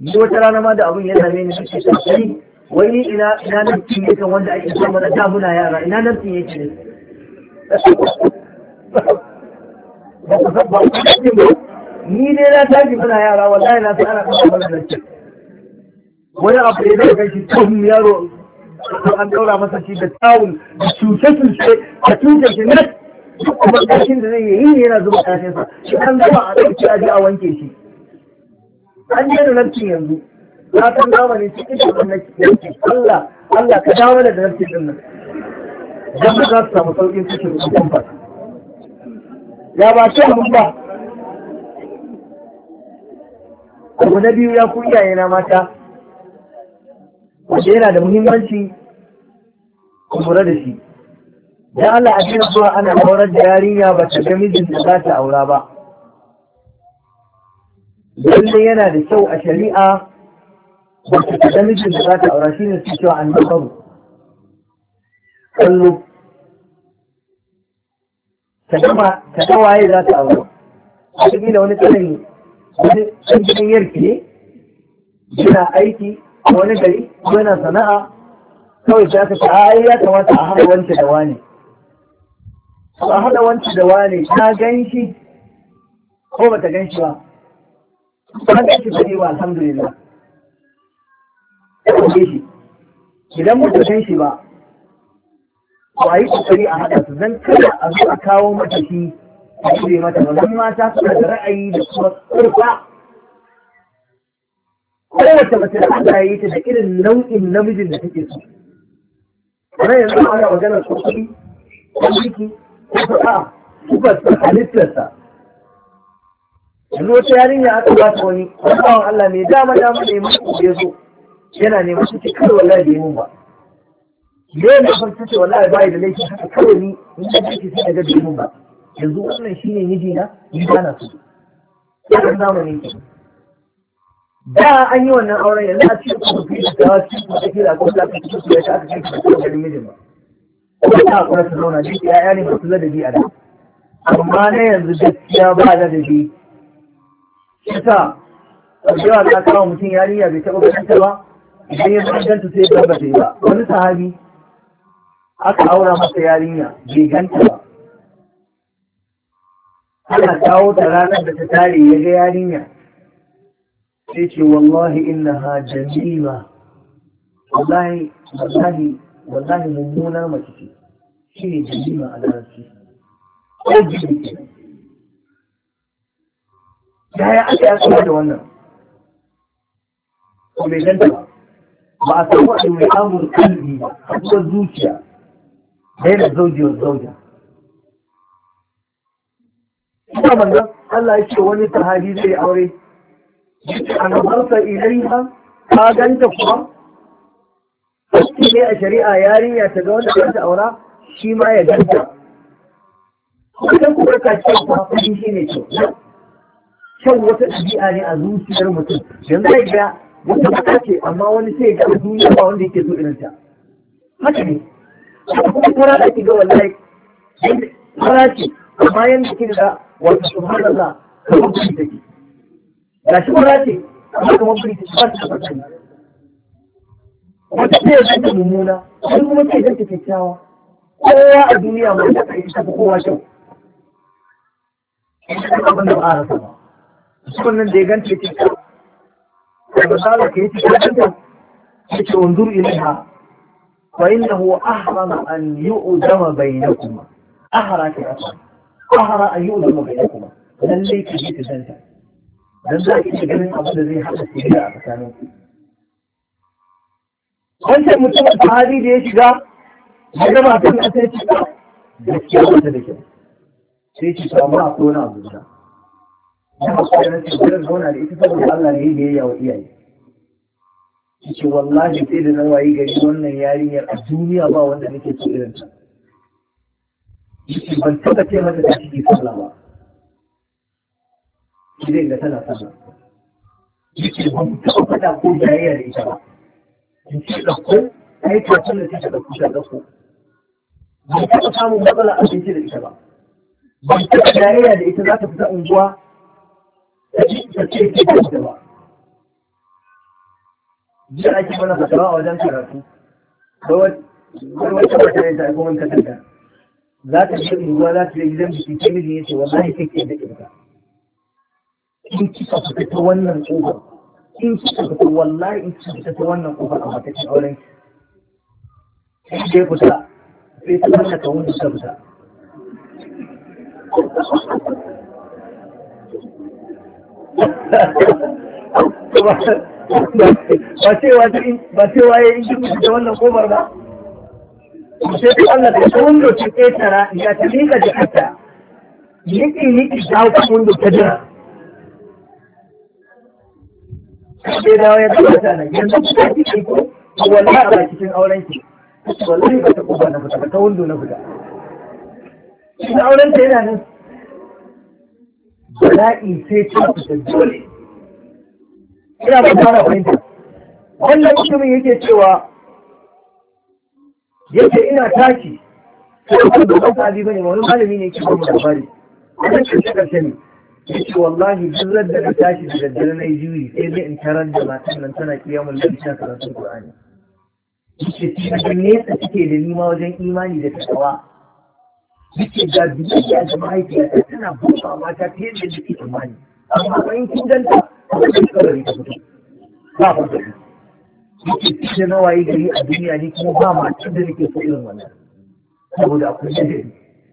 ni wata rana ma da abin ya same ni suke tafi wai ni ina ina nan tin yake wanda ake so da muna yara ina nan tin yake ne ni ne na tafi muna yara wallahi na tsara kan wannan nan wani abu ya daga shi tun yaro an daura masa shi da tawul da cuce-cuce a cuce shi na duk kuma kashin da zai yi yana zuba kashinsa shi Kan zuba a ɗauki aji a wanke shi an daina nafcin yanzu na san zamani cikin shugaban na yanki Allah Allah ka dawo da nafcin din nan dan ba za su samu sauƙin cikin shugaban ba ya ba ce mun ba abu na biyu ya ku iyaye na mata wanda yana da muhimmanci kumura da shi dan Allah a cikin zuwa ana aurar da yarinya ba ta ga mijin da za ta aura ba lalle yana da kyau a shari'a wata ta da mijin da za ta aura shi ne su cewa an nasaru kallo Ka gama ta tawaye za ta aura a cikin da wani tsanani wani ɗan gidan yarki ne yana aiki a wani gari ko yana sana'a kawai ta ka ta ya kamata a haɗa wancan da wani a haɗa wancan da wani ta gan shi ko ba ta gan shi ba ba da shi gare wa alhamdulillah shi idan mutum san shi ba to a yi kokari a haɗa su zan kada a zo a kawo mata shi a cire mata ba zan mata suna da ra'ayi da kuma tsarfa kowace mace da aka yi ta da irin nau'in namijin da take so wannan yanzu ana maganar kuɗi ko ciki ko fa'a sufar halittarsa yanzu wata yarinya aka ba ta wani bawan Allah ne dama dama ne mun ya zo yana neman su ce wala wallahi yi mun ba yau ne san ce wallahi bai da laifi haka kawai ni in ka ji sai ga da yi ba yanzu wannan shine miji na ni ba na so da an yi wannan auren yanzu a cikin kuma fi da cikin kuma da kuma cikin kuma ta aka cikin kuma mijin ba ko ta kuma zauna duk ya'ya ne masu ladabi a da amma na yanzu gaskiya ba ladabi yasa yawa da aka mutum yarinya bai taɓa ganinta ba idan ya ganta sai ya yi ba wani sahabi aka aura masa yarinya bai ganta ba ana kawo ta ranar da ta tare ya ga yarinya sai ce wallahi inna ha jamila wallahi wallahi wallahi mummunar mace ce shi ne Jami'a a larabci ko yaya aka yi asuwa da wannan ko ganta ba a samu a mai amur kalbi a kusa zuciya da yana zauji wa zauja kuma manzan Allah ya ce wani sahabi zai aure an harsa ilaiha ka ganta kuma Hakki ne a shari'a yarinya ta ga wanda ta aura shi ma ya ganta. Kuma kuma ka ce kuma shi ne kyau. kyau wata ɗabi'a ne a zuciyar mutum yanzu zai ga wata mata ce amma wani sai ga duniya ba wanda yake so irin ta haka ne haka kuma fara da ki ga wallahi fara ce amma yanda kin ga wato subhanallah kamar kuri take gashi fara ce amma kamar kuri take ba ta ne. wata ce ya ta mummuna wani kuma ce ya ta kyakkyawa kowa a duniya mai ta kai ta kowa kyau. Ina da abin da ba a rasa ba. wannan da ya ganta gance ki da misali ka yi cikin ta ya ce wanzur ilaiha fa innahu ahrama an yi yu'zama bainakuma ahra ki afa ahra an yu'zama bainakuma dan dai ki ji ta danta dan za ki ganin abu da zai haɗa ki da tsakanin ku wancan mutumin sahabi da ya shiga ya gama kan asirci ah, gaskiya wata da kyau sai ki samu a tsoron abu da ya masu da nake jiran da ita saboda Allah ne ya yawa iyaye ce wallahi sai da na wayi gari wannan yarinyar a duniya ba wanda nake so irin ta ban taɓa ce mata ta ciki sallah ba idan ga tana sallah yake ban taba fada ko jayayya da ita ba in ce ɗauko ai ta sallah ta ɗauko ta ɗauko ban taɓa samun matsala abinci da ita ba ban taɓa jayayya da ita za ta fita unguwa jiya ake mana fatawa a wajen karatu kawai wata mata ya zaɓi wani za ta je unguwa za ta yi zan biki sai miji ya ce wallahi kai ke da kirka in kika fita ta wannan ƙofar in kika fita wallahi in kika fita ta wannan ƙofar a matakin auren ki sai fita sai ta fita ta wani ta fita ba cewa ya yi jirgin da wannan kobar ba sai ta Allah ta tsohon da ta ƙetara ya ta miƙa jikinta niki niki ta hukun da ta jira sai da ya da ta nan yanzu ku ta ci ko wallahi ba cikin auren ki wallahi ba ta kofa na fita ba ta wando na fita cikin auren ta yana nan bala'i sai ta fita dole ina ba ta na fahimta wannan mutumin yake cewa yake ina taki sai ku da ba abi bane wani malami ne yake kuma labari wannan shi karshe ne yace wallahi duk da na tashi da daddare na juri sai zai in tarar da matan nan tana kiyamul lail ta karatun qur'ani yace ta nesa suke da nima wajen imani da takawa yake da biyayya da mahaifiyata tana buɗa mata ta da nake tsammani amma bayan kin ganta ba ta kabari ta fito ba ba ta yake cikin nawa yi gari a duniya ne kuma ba ma cin da nake so irin wannan saboda akwai ladabi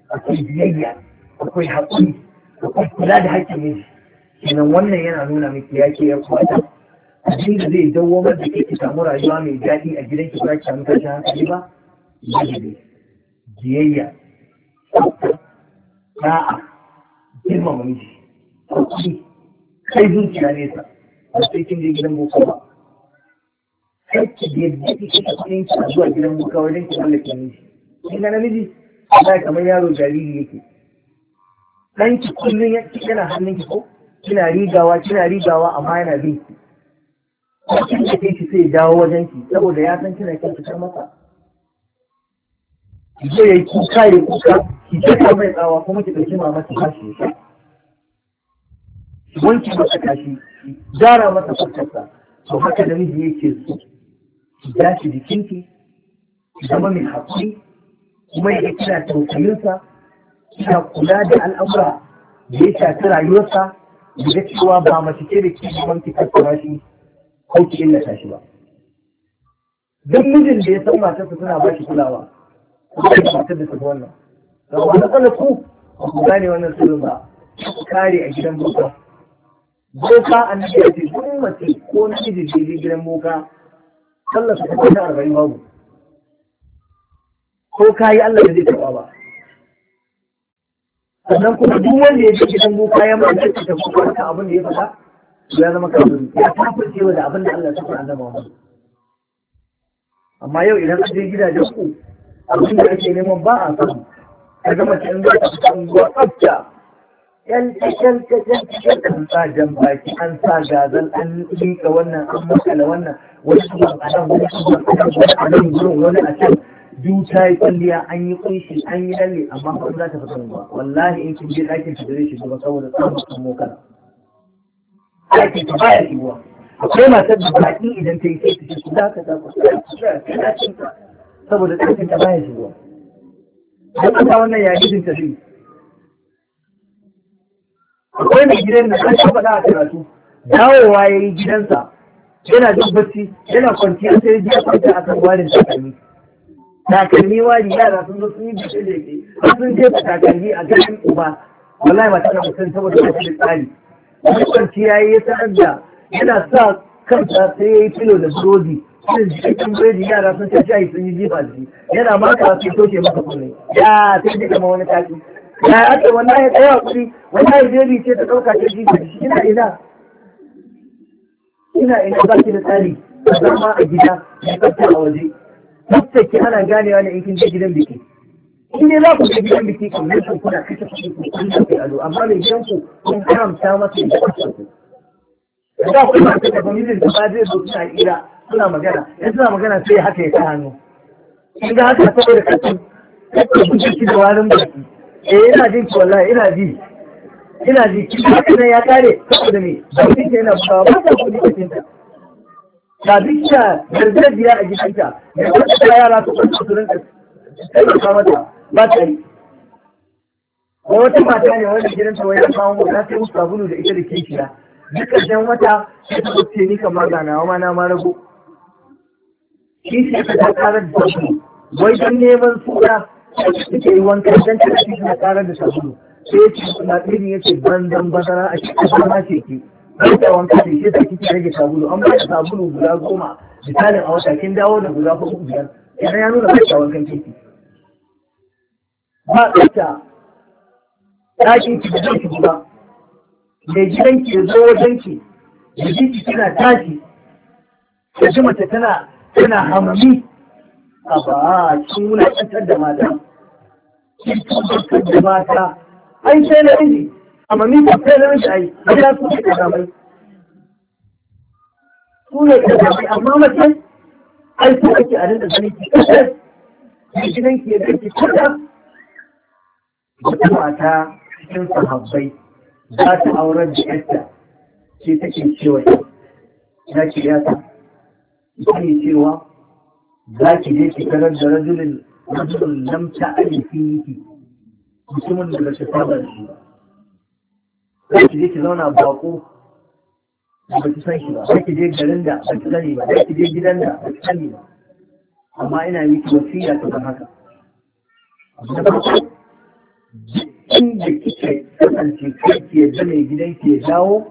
akwai biyayya akwai haƙuri akwai kula da haƙƙin ne. kenan wannan yana nuna miki ya ke ya kwata abin da zai mar da ke samu rayuwa mai daɗi a gidanki ba ki samu tashin hankali ba ladabi biyayya da'a girmama miji kuɗi kai zuciya nesa ba sai kin je gidan boko ba sai ki je duk kika kuɗin ki zuwa gidan boko wajen ki mallake miji kin ga namiji ba kamar yaro jariri yake dan ki kullun yana hannun ki ko kina rigawa kina rigawa amma yana bin ki kin da ki sai dawo wajen ki saboda ya san kina kin fitar masa zo yayi yi kuka ya kuka ki jaka mai tsawa kuma ki ɗauki mama ki kashe shi ki wanke masa kashi ki gyara masa fuskarsa to haka da miji yake so ki ja shi jikinki ki zama mai hakuri kuma ya kina tausayinsa kina kula da al'amura da ya shafi rayuwarsa da ga cewa ba mace ce da ke neman ki kakkura shi ko ki illata shi ba. Duk mijin da ya san matarsa tana ba shi kulawa, fitar da su wannan ga wani kwana ku ku gane wannan sirrin ba ku kare a gidan boka boka annabi ya ce duk mace ko namiji da je gidan boka sallar su ta arba'in babu ko kayi Allah da zai taɓa ba sannan kuma duk wanda ya je gidan boka ya mace ta kuma ta abin da ya faɗa ya zama kafin ya kafirce wa da abin da Allah ya saka an zama amma yau idan an je gidajen ku abin da ake neman ba a samu ka gama cin za ka fita unguwa tsafta kyalta kyalta kyalta an sa jan baki an sa gazal an liƙa wannan an makala wannan wani kuma a nan wani kuma a nan wani a nan wani a can duk yi kwalliya an yi kunshi an yi lalle amma kuma za ta fita unguwa wallahi in kin je ɗakin ta zai shiga ba saboda tsafa kan mokala ɗakin ta baya akwai matar da baki idan ta yi sai ta za ka za ku za ka za ka saboda tsarkin ta baya shigo Ya kasa wannan ya gidin ta shi akwai mai gidan na shafa faɗa a karatu dawowa ya yi gidansa yana jin bacci yana kwanciya sai ya ji a kwanta a kan warin takalmi takalmi wari yara sun zo sun yi bishe da yake sun jefa takalmi a ganin uba wallahi ba tana mutum saboda ta fi tsari wani kwanciya ya yi sanar da yana sa kansa sai ya yi filo da burodi cikin biredi yara sun ta shayi sun yi jifa shi yana ma ka su toshe maka kunne ya sai da kama wani taki ya ake wannan ya tsaya kuɗi wannan biredi ce ta ɗauka ta jifa shi ina ina ina ina ba ki da tsari zama a gida ya tsafta a waje tsafta ki ana ganewa ne in kin je gidan biki in dai za ku je gidan biki kan mutum kuna kashe kuɗi ku kuna kai ado amma mai gidan ku kun haramta masa ya tsafta ku. Da ku ba ta da familin da ba zai zo kuna ira suna magana in suna magana sai haka ya ta hannu in ga haka saboda kasu kake buɗe shi da warin baki eh ina jin ki wallahi ina ji ina ji ki haka ya kare saboda me baki ke yana buɗawa ba ta kuɗi cikin ta ga bishiya gargajiya a jikinta da wata yara su kwanci su rinka taimaka mata ba ta yi wai wata mata ne wani gidan ta ya kawo ta sai musu sabulu da ita da kishiya duk ƙarshen wata sai ta ce ni kamar ganawa ma na ma rago shi ne ta karar da sabulu wai don neman suna suke yi wanka don ta shi na da sabulu sai ya ce na bazara a cikin sama ce wanka rage sabulu an ba sabulu guda goma a wata kin dawo da guda biyar idan ya nuna ba ba mai gidanki ya zo wajenki jiki kina tashi ta ji mace tana suna hamami a ba suna cutar da mata cutar da mata ai sai na miji hamami ba sai na miji ai ba za su fi hamami su ne da amma mace ai su ake a rinda zane ki kasar gidan ki yadda ki cuta wata mata cikin sahabbai za ta aure da yadda ce take cewa ya ce ya ta sani cewa za ki je ki tarar da rajulin rajulin lamta alifi yiki mutumin da bashi saba da shi za ki je ki zauna bako da ba ki san shi ba za ki je garin da ba ki sani ba za ki je gidan da ba ki sani ba amma ina miki wasiya ta kan haka na farko da kike kasance kai ki yadda mai gidan ki ya dawo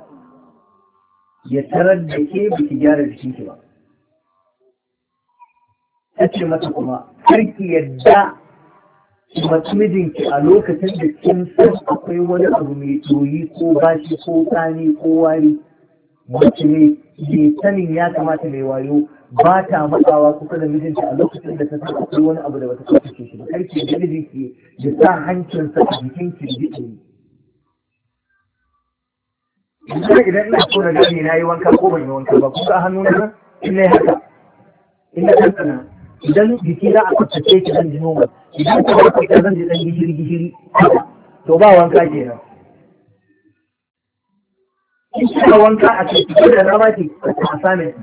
ya tarar da ke ba ki gyara jikin ki ba ta ce mata kuma karki yadda mace mijinki a lokacin da kin san akwai wani abu mai doyi ko bashi ko tsani ko wari mace ne ke sanin ya kamata mai wayo ba ta matsawa kusa da mijinta a lokacin da ta san akwai wani abu da bata kwace shi ba karki yadda mijinki da sa hancinsa a ki da yanzu idan ina so na gane na yi wanka ko ban yi wanka ba kuka hannu na in ina yi haka ina na idan jiki za a tsaftace ki zan ji noma, idan ka ba ka zan ji dan gishiri gishiri to ba wanka nan. in kika wanka a ce ki da na ba ki assignment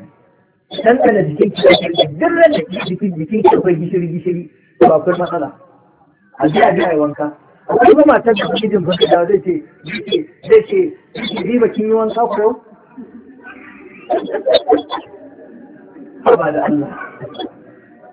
dan kana jikin ki duk ran da jikin jikin ki akwai gishiri gishiri to akwai matsala a ji a ji yi wanka akwai kuma matar da mijin ba da zai ce zai ce riba kin yi wanka ko ba da Allah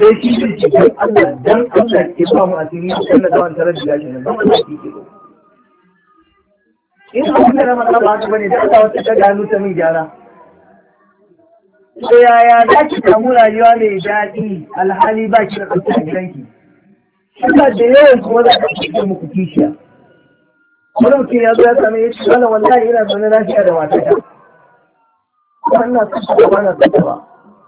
sai shi ne ke kai Allah dan Allah ke ba mu asiri kan da zaman tarar da gashi nan dan Allah ke ko in ba kuma na maka ba haka bane da Allah wata ta gano ta mun gyara to yaya za ki samu rayuwa mai daɗi alhali ba ki da ɗauki a gidanki Allah da yawan kuma za ka ce muku kishiya wani mutum ya zo ya sami ya ce wala wallahi ina zaune lafiya da matata ba ina son ta na son ta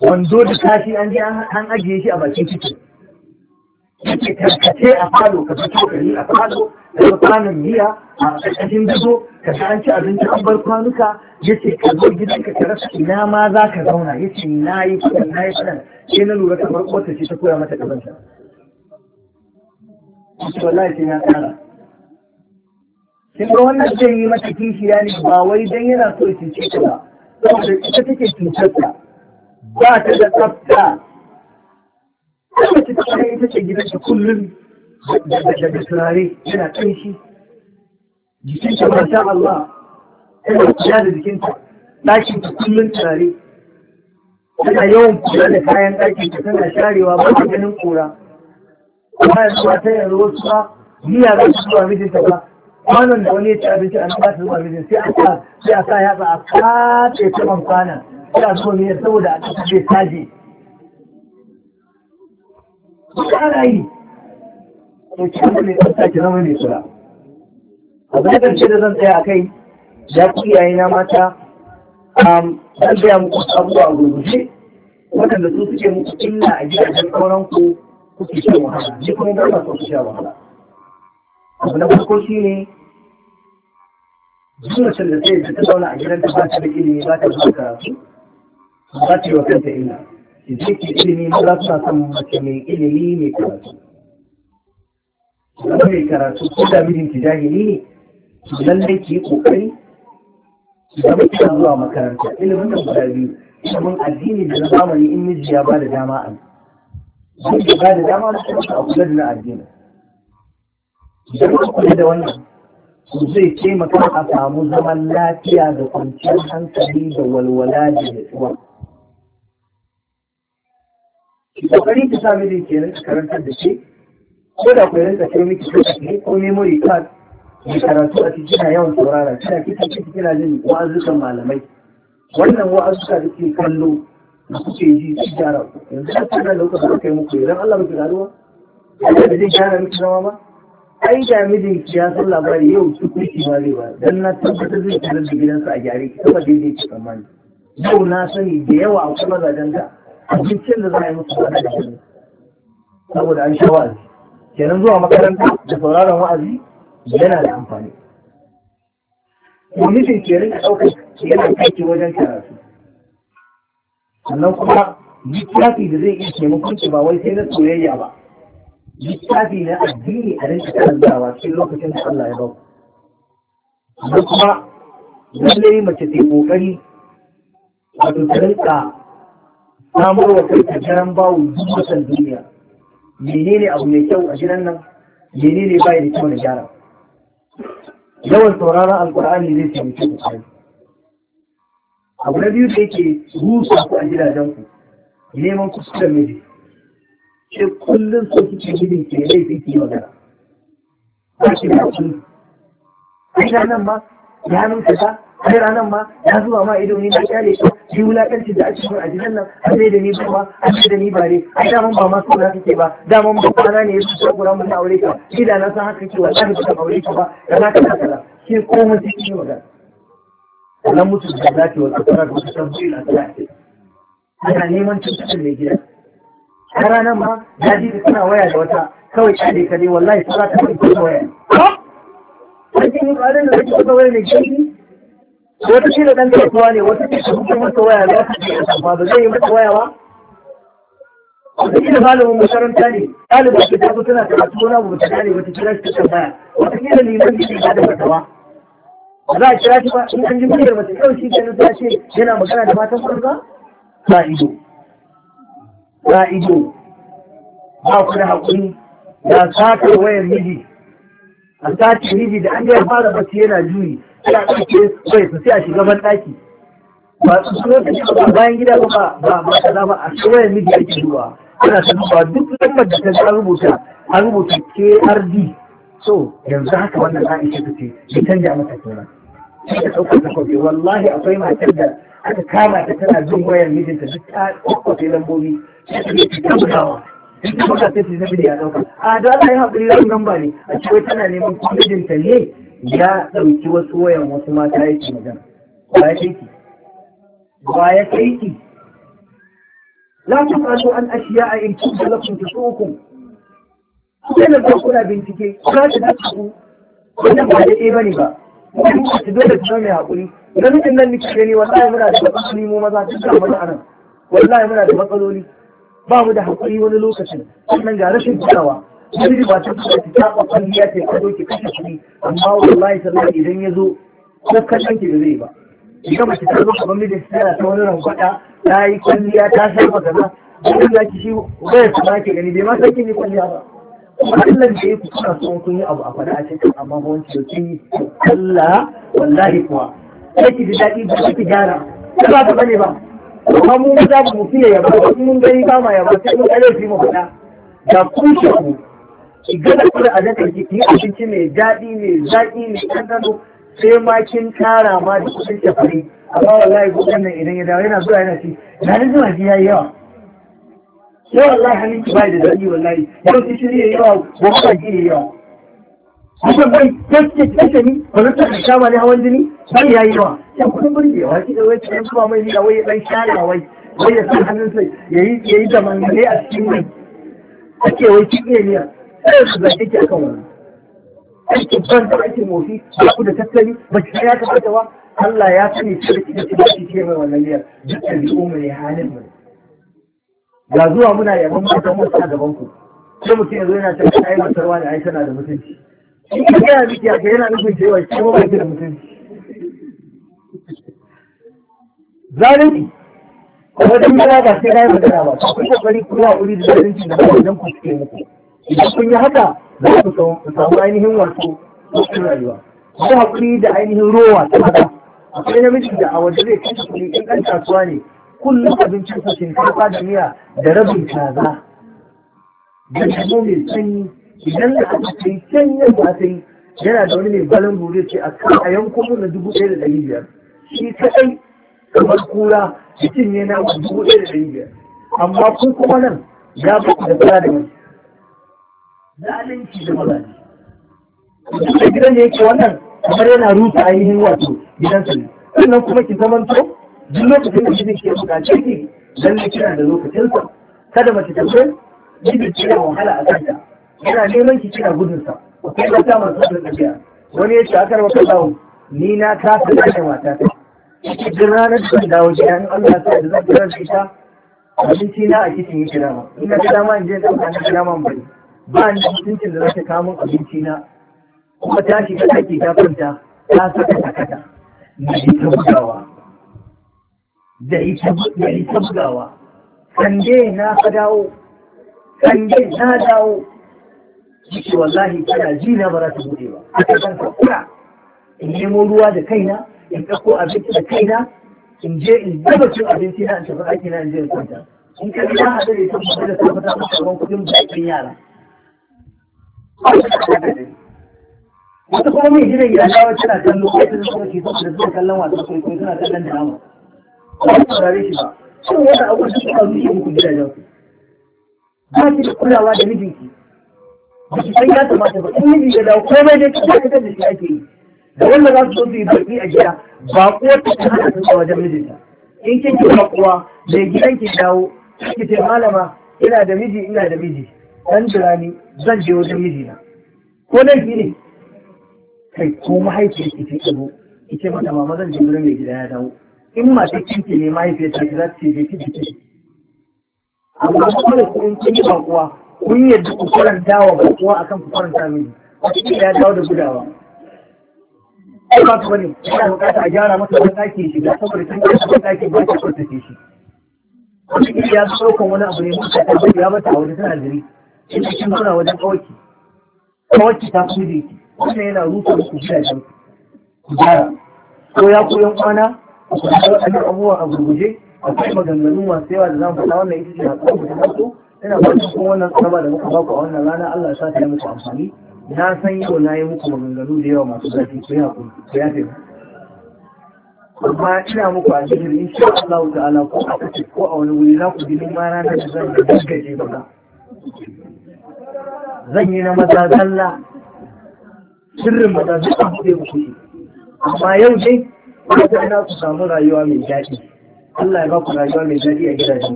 wando da tashi an je an ajiye shi a bakin ciki yake tarkace a falo ka fito ka yi a falo da ga kwanan miya a ƙarƙashin gizo ka ta ci abinci an bar kwanuka ce ka zo gidanka ka rasa ina ma za ka zauna yace na yi na yi kuɗin sai na lura kamar wata ce ta koya mata ƙazanta. Wallahi sai ya tsara. kin ga wannan zai yi mata kishiya ne ba wai dan yana so ya cuce ta ba saboda ita take cutar ta ba ta da tsafta kuma ta tsare ita ce gidansa kullum da turare yana ƙanshi jikinta ba sha Allah yana kula da jikinta ɗakin ɗakinta kullum turare tana yawan kula da kayan ɗakin ɗakinta tana sharewa ba ta ganin kura ba ya zuwa ta yanzu wasu ba miya za su zuwa mijinta ba kwanan da wani ya ci abinci a nan ba su zuwa mijin sai a sa ya a sa a kace ta man kwanan ina so ne saboda a cikin zai taje duka ana yi ɗauki wanda ne ta ki zama mai kula abu na ce da zan tsaya a kai ya ku yayi na mata zan gaya muku abubuwa gurguje waɗanda su suke muku illa a gidajen auren ku kuke shan wahala ni kuma ba ku sha wahala abu na farko shi ne duk da sai ta zauna a gidanta ba ta da ilimi ba ta zuwa karatu ba ta yi wa kanta ina, ki je ki ilimi na za suna son mace mai ilimi mai karatu idan mai karatu ko da mijin ki jahili ne ki lallai ki yi kokari ki zama kina zuwa makaranta ilimin da guda biyu ilimin addini da na zamani in miji ya ba da dama a zai ki ba da dama na kuma a kula da na addini idan ka kula da wannan zai taimaka a samu zaman lafiya da kwanciyar hankali da walwala da nutsuwa. kokari ki sa miji ke rinka karantar da ke? ko da ku rinka kai miki lokaci ko memory card mai karatu a cikin kina yawan saurara kina kika kika kina jin wa'azukan malamai wannan wa'azuka da ke kallo da kuke ji su gyara yanzu da kuna lokacin da kai muku idan Allah muke garuwa Allah da zai gyara miki zama ba ai da mijin ya san labari yau su kuki ba zai ba dan na tabbatar zai kira da gidansa a gyare ki saboda daidai ke tsammani yau na sani da yawa a kuma zagen da abincin da za a yi masa wani da saboda an sha wa'azi kenan zuwa makaranta da sauraron wa'azi yana da amfani kuma ke rinka ɗaukar yana aiki wajen karatu sannan kuma littafi da zai iya taimakon ki ba wai sai na soyayya ba littafi na addini a rinka karantawa cikin lokacin da Allah ya ba ku sannan kuma lallai mace ta kokari wato ta rinka samar wa a jiran bawo dukkan duniya menene abu mai kyau a gidan nan menene bai da kyau na gyara yawan sauraron alkur'ani zai taimake ku kai abu na biyu da yake rusa ku a gidajen ku neman kuskuren miji ke kullum su kike gidin ke fi ki magana ba shi da kuma ainihin nan ma ya nuna ta Sai ranar ma ya zuba ma ido ne na kyale shi shi wulakanci da ake mun a gidan nan a sai da ni ba a sai da ni ba ne a daman ba ma suna kake ba daman ba kwana ne ya zuba gura mun aure ka ida na san haka ke wallahi ba aure ka ba kaza kaza kaza ke komai sai shi magana wannan mutum da zaki wa tsakarar wata tambayi na tsaki ana neman tuntuɓin mai gida a ranar ma ya ji da suna waya da wata kawai kyale ka ne wallahi sai za ta kai waya. Wani ne ba da na rage wata waya mai gidi wata shi da ɗan kasuwa ne wata shi da mutum masa waya za ta ce amma ba zai yi masa waya ba wata shi da malamin makaranta ne ɗaliba ce ta tana karatu wani abu ta gane wata kira shi ta baya wata shi da liman ne ba da fatawa ba za a kira shi ba in an ji muryar mace yau shi kenan ta ce yana magana da matan banza ba ido ba ido ba ku da haƙuri da satar wayar miji a satar miji da an ga fara bacci yana juyi sai a ɗauke kai su a shiga ban ɗaki ba su suna ba bayan gida ba ba ba kaza ba a shirya miji ake zuwa ana ba duk lambar da ta ga rubuta an rubuta KRD so yanzu haka wannan Aisha ta ce ya canja mata kenan sai ta ɗauka ta kwafi wallahi akwai matar da aka kama ta tana jin wayar mijinta duk ta kwakwafe lambobi sai ta ce ta bugawa ta buga sai ta zabi da ya ɗauka a da Allah ya haƙuri lamun gamba ne a ce tana neman mijinta ne ya ɗauki wasu wayan wasu mata yake magana ba ya kai ki ba ya kai ki la tuqatu an ashiya'a in kuntum lakum tusukum kana da kuna bincike ka ta da ku wannan ba dai bane ba kuma ki dole ki mai haƙuri. idan mutum nan ni kike ni wallahi muna da matsaloli mu maza duk da maza anan wallahi muna da matsaloli ba mu da haƙuri wani lokacin sannan ga rashin kulawa wani ba ta kuma ki taɓa kwalliya ta ka zo ki kashe kuɗi amma wallahi sallah idan ya zo ko kallon ki da zai ba ki gama ki taɓa kamar mijin ki tana ta wani rangwada ta yi kwalliya ta sarfa gaza. wannan da ki shi ba ya ba ke gani bai ma san kin yi kwalliya ba kuma Allah da yake kuna so kun yi abu a faɗa a cikin amma ba wanci da kin Allah wallahi kuwa sai ki ji daɗi ba ki gyara ba ta bane ba Kuma mu za mu fiye yaba mun gani ba ma yaba sai mun ƙarfi mu faɗa da kushe ku idan da kuma a zata ki yi abinci mai daɗi mai zaƙi mai ɗanɗano sai ma kin tara ma da kuɗin tafari amma wallahi kuɗin nan idan ya dawo yana zuwa yana ci na ni zuwa ji yayi yawa sai wallahi hannun ki bai da daɗi wallahi yau ki shiri yayi yawa gobe ba ki yayi yawa kusan bai kake kake ni ba zan taɓa shawa ne hawan jini bai yayi yawa yan kuɗin burgewa ki da wai ɗan kuma mai nila wai ɗan shara wai wai ya sa hannun sai yayi yayi da mangare a cikin mai ake wai kin iya sai su akan wani aikin ban da ake mofi ku da tattali ba ki ya kamata ba Allah ya sani ce da kike ba ki ce mai wannan liyar duk da bi umma halin mu ga zuwa muna yaban mata mu a gaban ku sai mutum yanzu yana cewa ai masarwa ne ai tana da mutunci in ka ga miki yana nufin cewa shi ma ba ki da mutunci zalimi kuma dan ba sai ga magana ba ku kokari ku ya wuri da zalunci da ba dan ku ke muku idan kun yi haka za ku samu ainihin wato cikin rayuwa ku haƙuri da ainihin rowa ta haka akwai namiji da a waje zai kashe kuɗi in ɗan kasuwa ne kullum abincin sa shinkafa da miya da rabin kaza da mai sanyi idan da aka ce sanyin ba sai yana da wani mai balin buri ce a kan a yanko na dubu ɗaya da ɗari biyar shi kaɗai kamar kura cikin yana dubu ɗaya da ɗari biyar amma kun kuma nan ya ba da kula da zalunci da mazaje da gidan da yake wannan kamar yana rufe ainihin wato gidansa ne sannan kuma ki zamanto duk lokacin da gidan ke bukace ki lalle kina da lokacinsa kada mace ta ce gidan kina wahala a kanta yana neman ki kina gudunsa akwai wata masu da tafiya wani ya ce akar maka dawo ni na kasa mata ta. cikin ranar da zan dawo gida in Allah ta da zan kira da ita abinci na a kicin yake dama ina ga dama in je in ɗauka na kira bari ba ni mutuncin da zaka kawo abinci na kuma ta shiga ɗaki ta kwanta ta saka takata na yi ta bugawa da yi ta bugawa kande na ka dawo kande na dawo shi wallahi tana ji na ba za ta bude ba a ka kura in nemo ruwa da kaina in ɗauko abinci da kaina in je in gaba cin abinci na in tafi ɗaki na in je in kwanta in ka gina a dare ta mutu da ta fita maka ruwan kuɗin bakin yara wata kuma mai gidan gida dawo tana kallo a cikin kuma ke da zuwa kallon kai kwaikwayo suna kallon drama ba su saurare shi ba shi wata abubuwa shi kuma zuke muku gidajen ku ba ki da kulawa da mijinki ba ki san ya kamata ba in miji ya dawo mai dai kuma ka da shi ake yi da wanda za su zo su yi barki a gida ba kuwa ta ta hana su wajen mijinta in kin ki ba kuwa mai gidan ki dawo ki ce malama ina da miji ina da miji dan jira ni zan je wajen mijina ko laifi ne kai ko mahaifiyar ki ta zo ita mata mama zan je wurin mai gida ya dawo in masu kinki ne mahaifiyar ta za ta ce ki jiki amma kuma kun kun yi bakuwa kun yadda ku faranta wa bakuwa akan ku faranta mini wata ya dawo da gudawa ai ba ku bane ina bukata a gyara masa wani ɗaki shiga saboda tun da wani ɗaki ba ta kwatace shi wata ya zo ɗaukan wani abu ne mutum ya bata a wani tana jiri ina kin kuna wajen kawaki kawaki ta su ne wannan yana rusa muku gidajen ku gyara ko ya koyon kwana ku kuma abubuwa a gurguje akwai maganganu masu yawa da za mu faɗa wannan ita ce a kawai da mutu ina fatan kuma wannan tsaba da muka baku a wannan rana Allah ya sa ta yi muku amfani na san yau na yi muku maganganu da yawa masu zafi ku ya ku ya fi amma ina muku a cikin insha Allah ta'ala ko a kuce ko a wani wuri za ku bi ma ranar da zan da gaggaje ba zan yi na maza zalla sirrin maza zai a buɗe muku amma yau dai wata ina ku samu rayuwa mai daɗi Allah ya baku rayuwa mai daɗi a gidaje.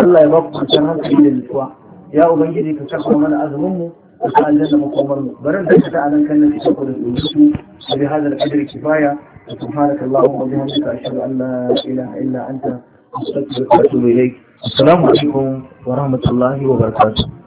Allah ya baku kwanciyar hankali da nutsuwa ya ubangiji ka kasa mana azumin mu ka sa aljanna makomar mu bari da ta anan kan nan saboda su bi hadal qadri kifaya سبحانك اللهم وبحمدك أشهد أن لا إله إلا أنت أستغفرك وأتوب إليك السلام عليكم ورحمة الله وبركاته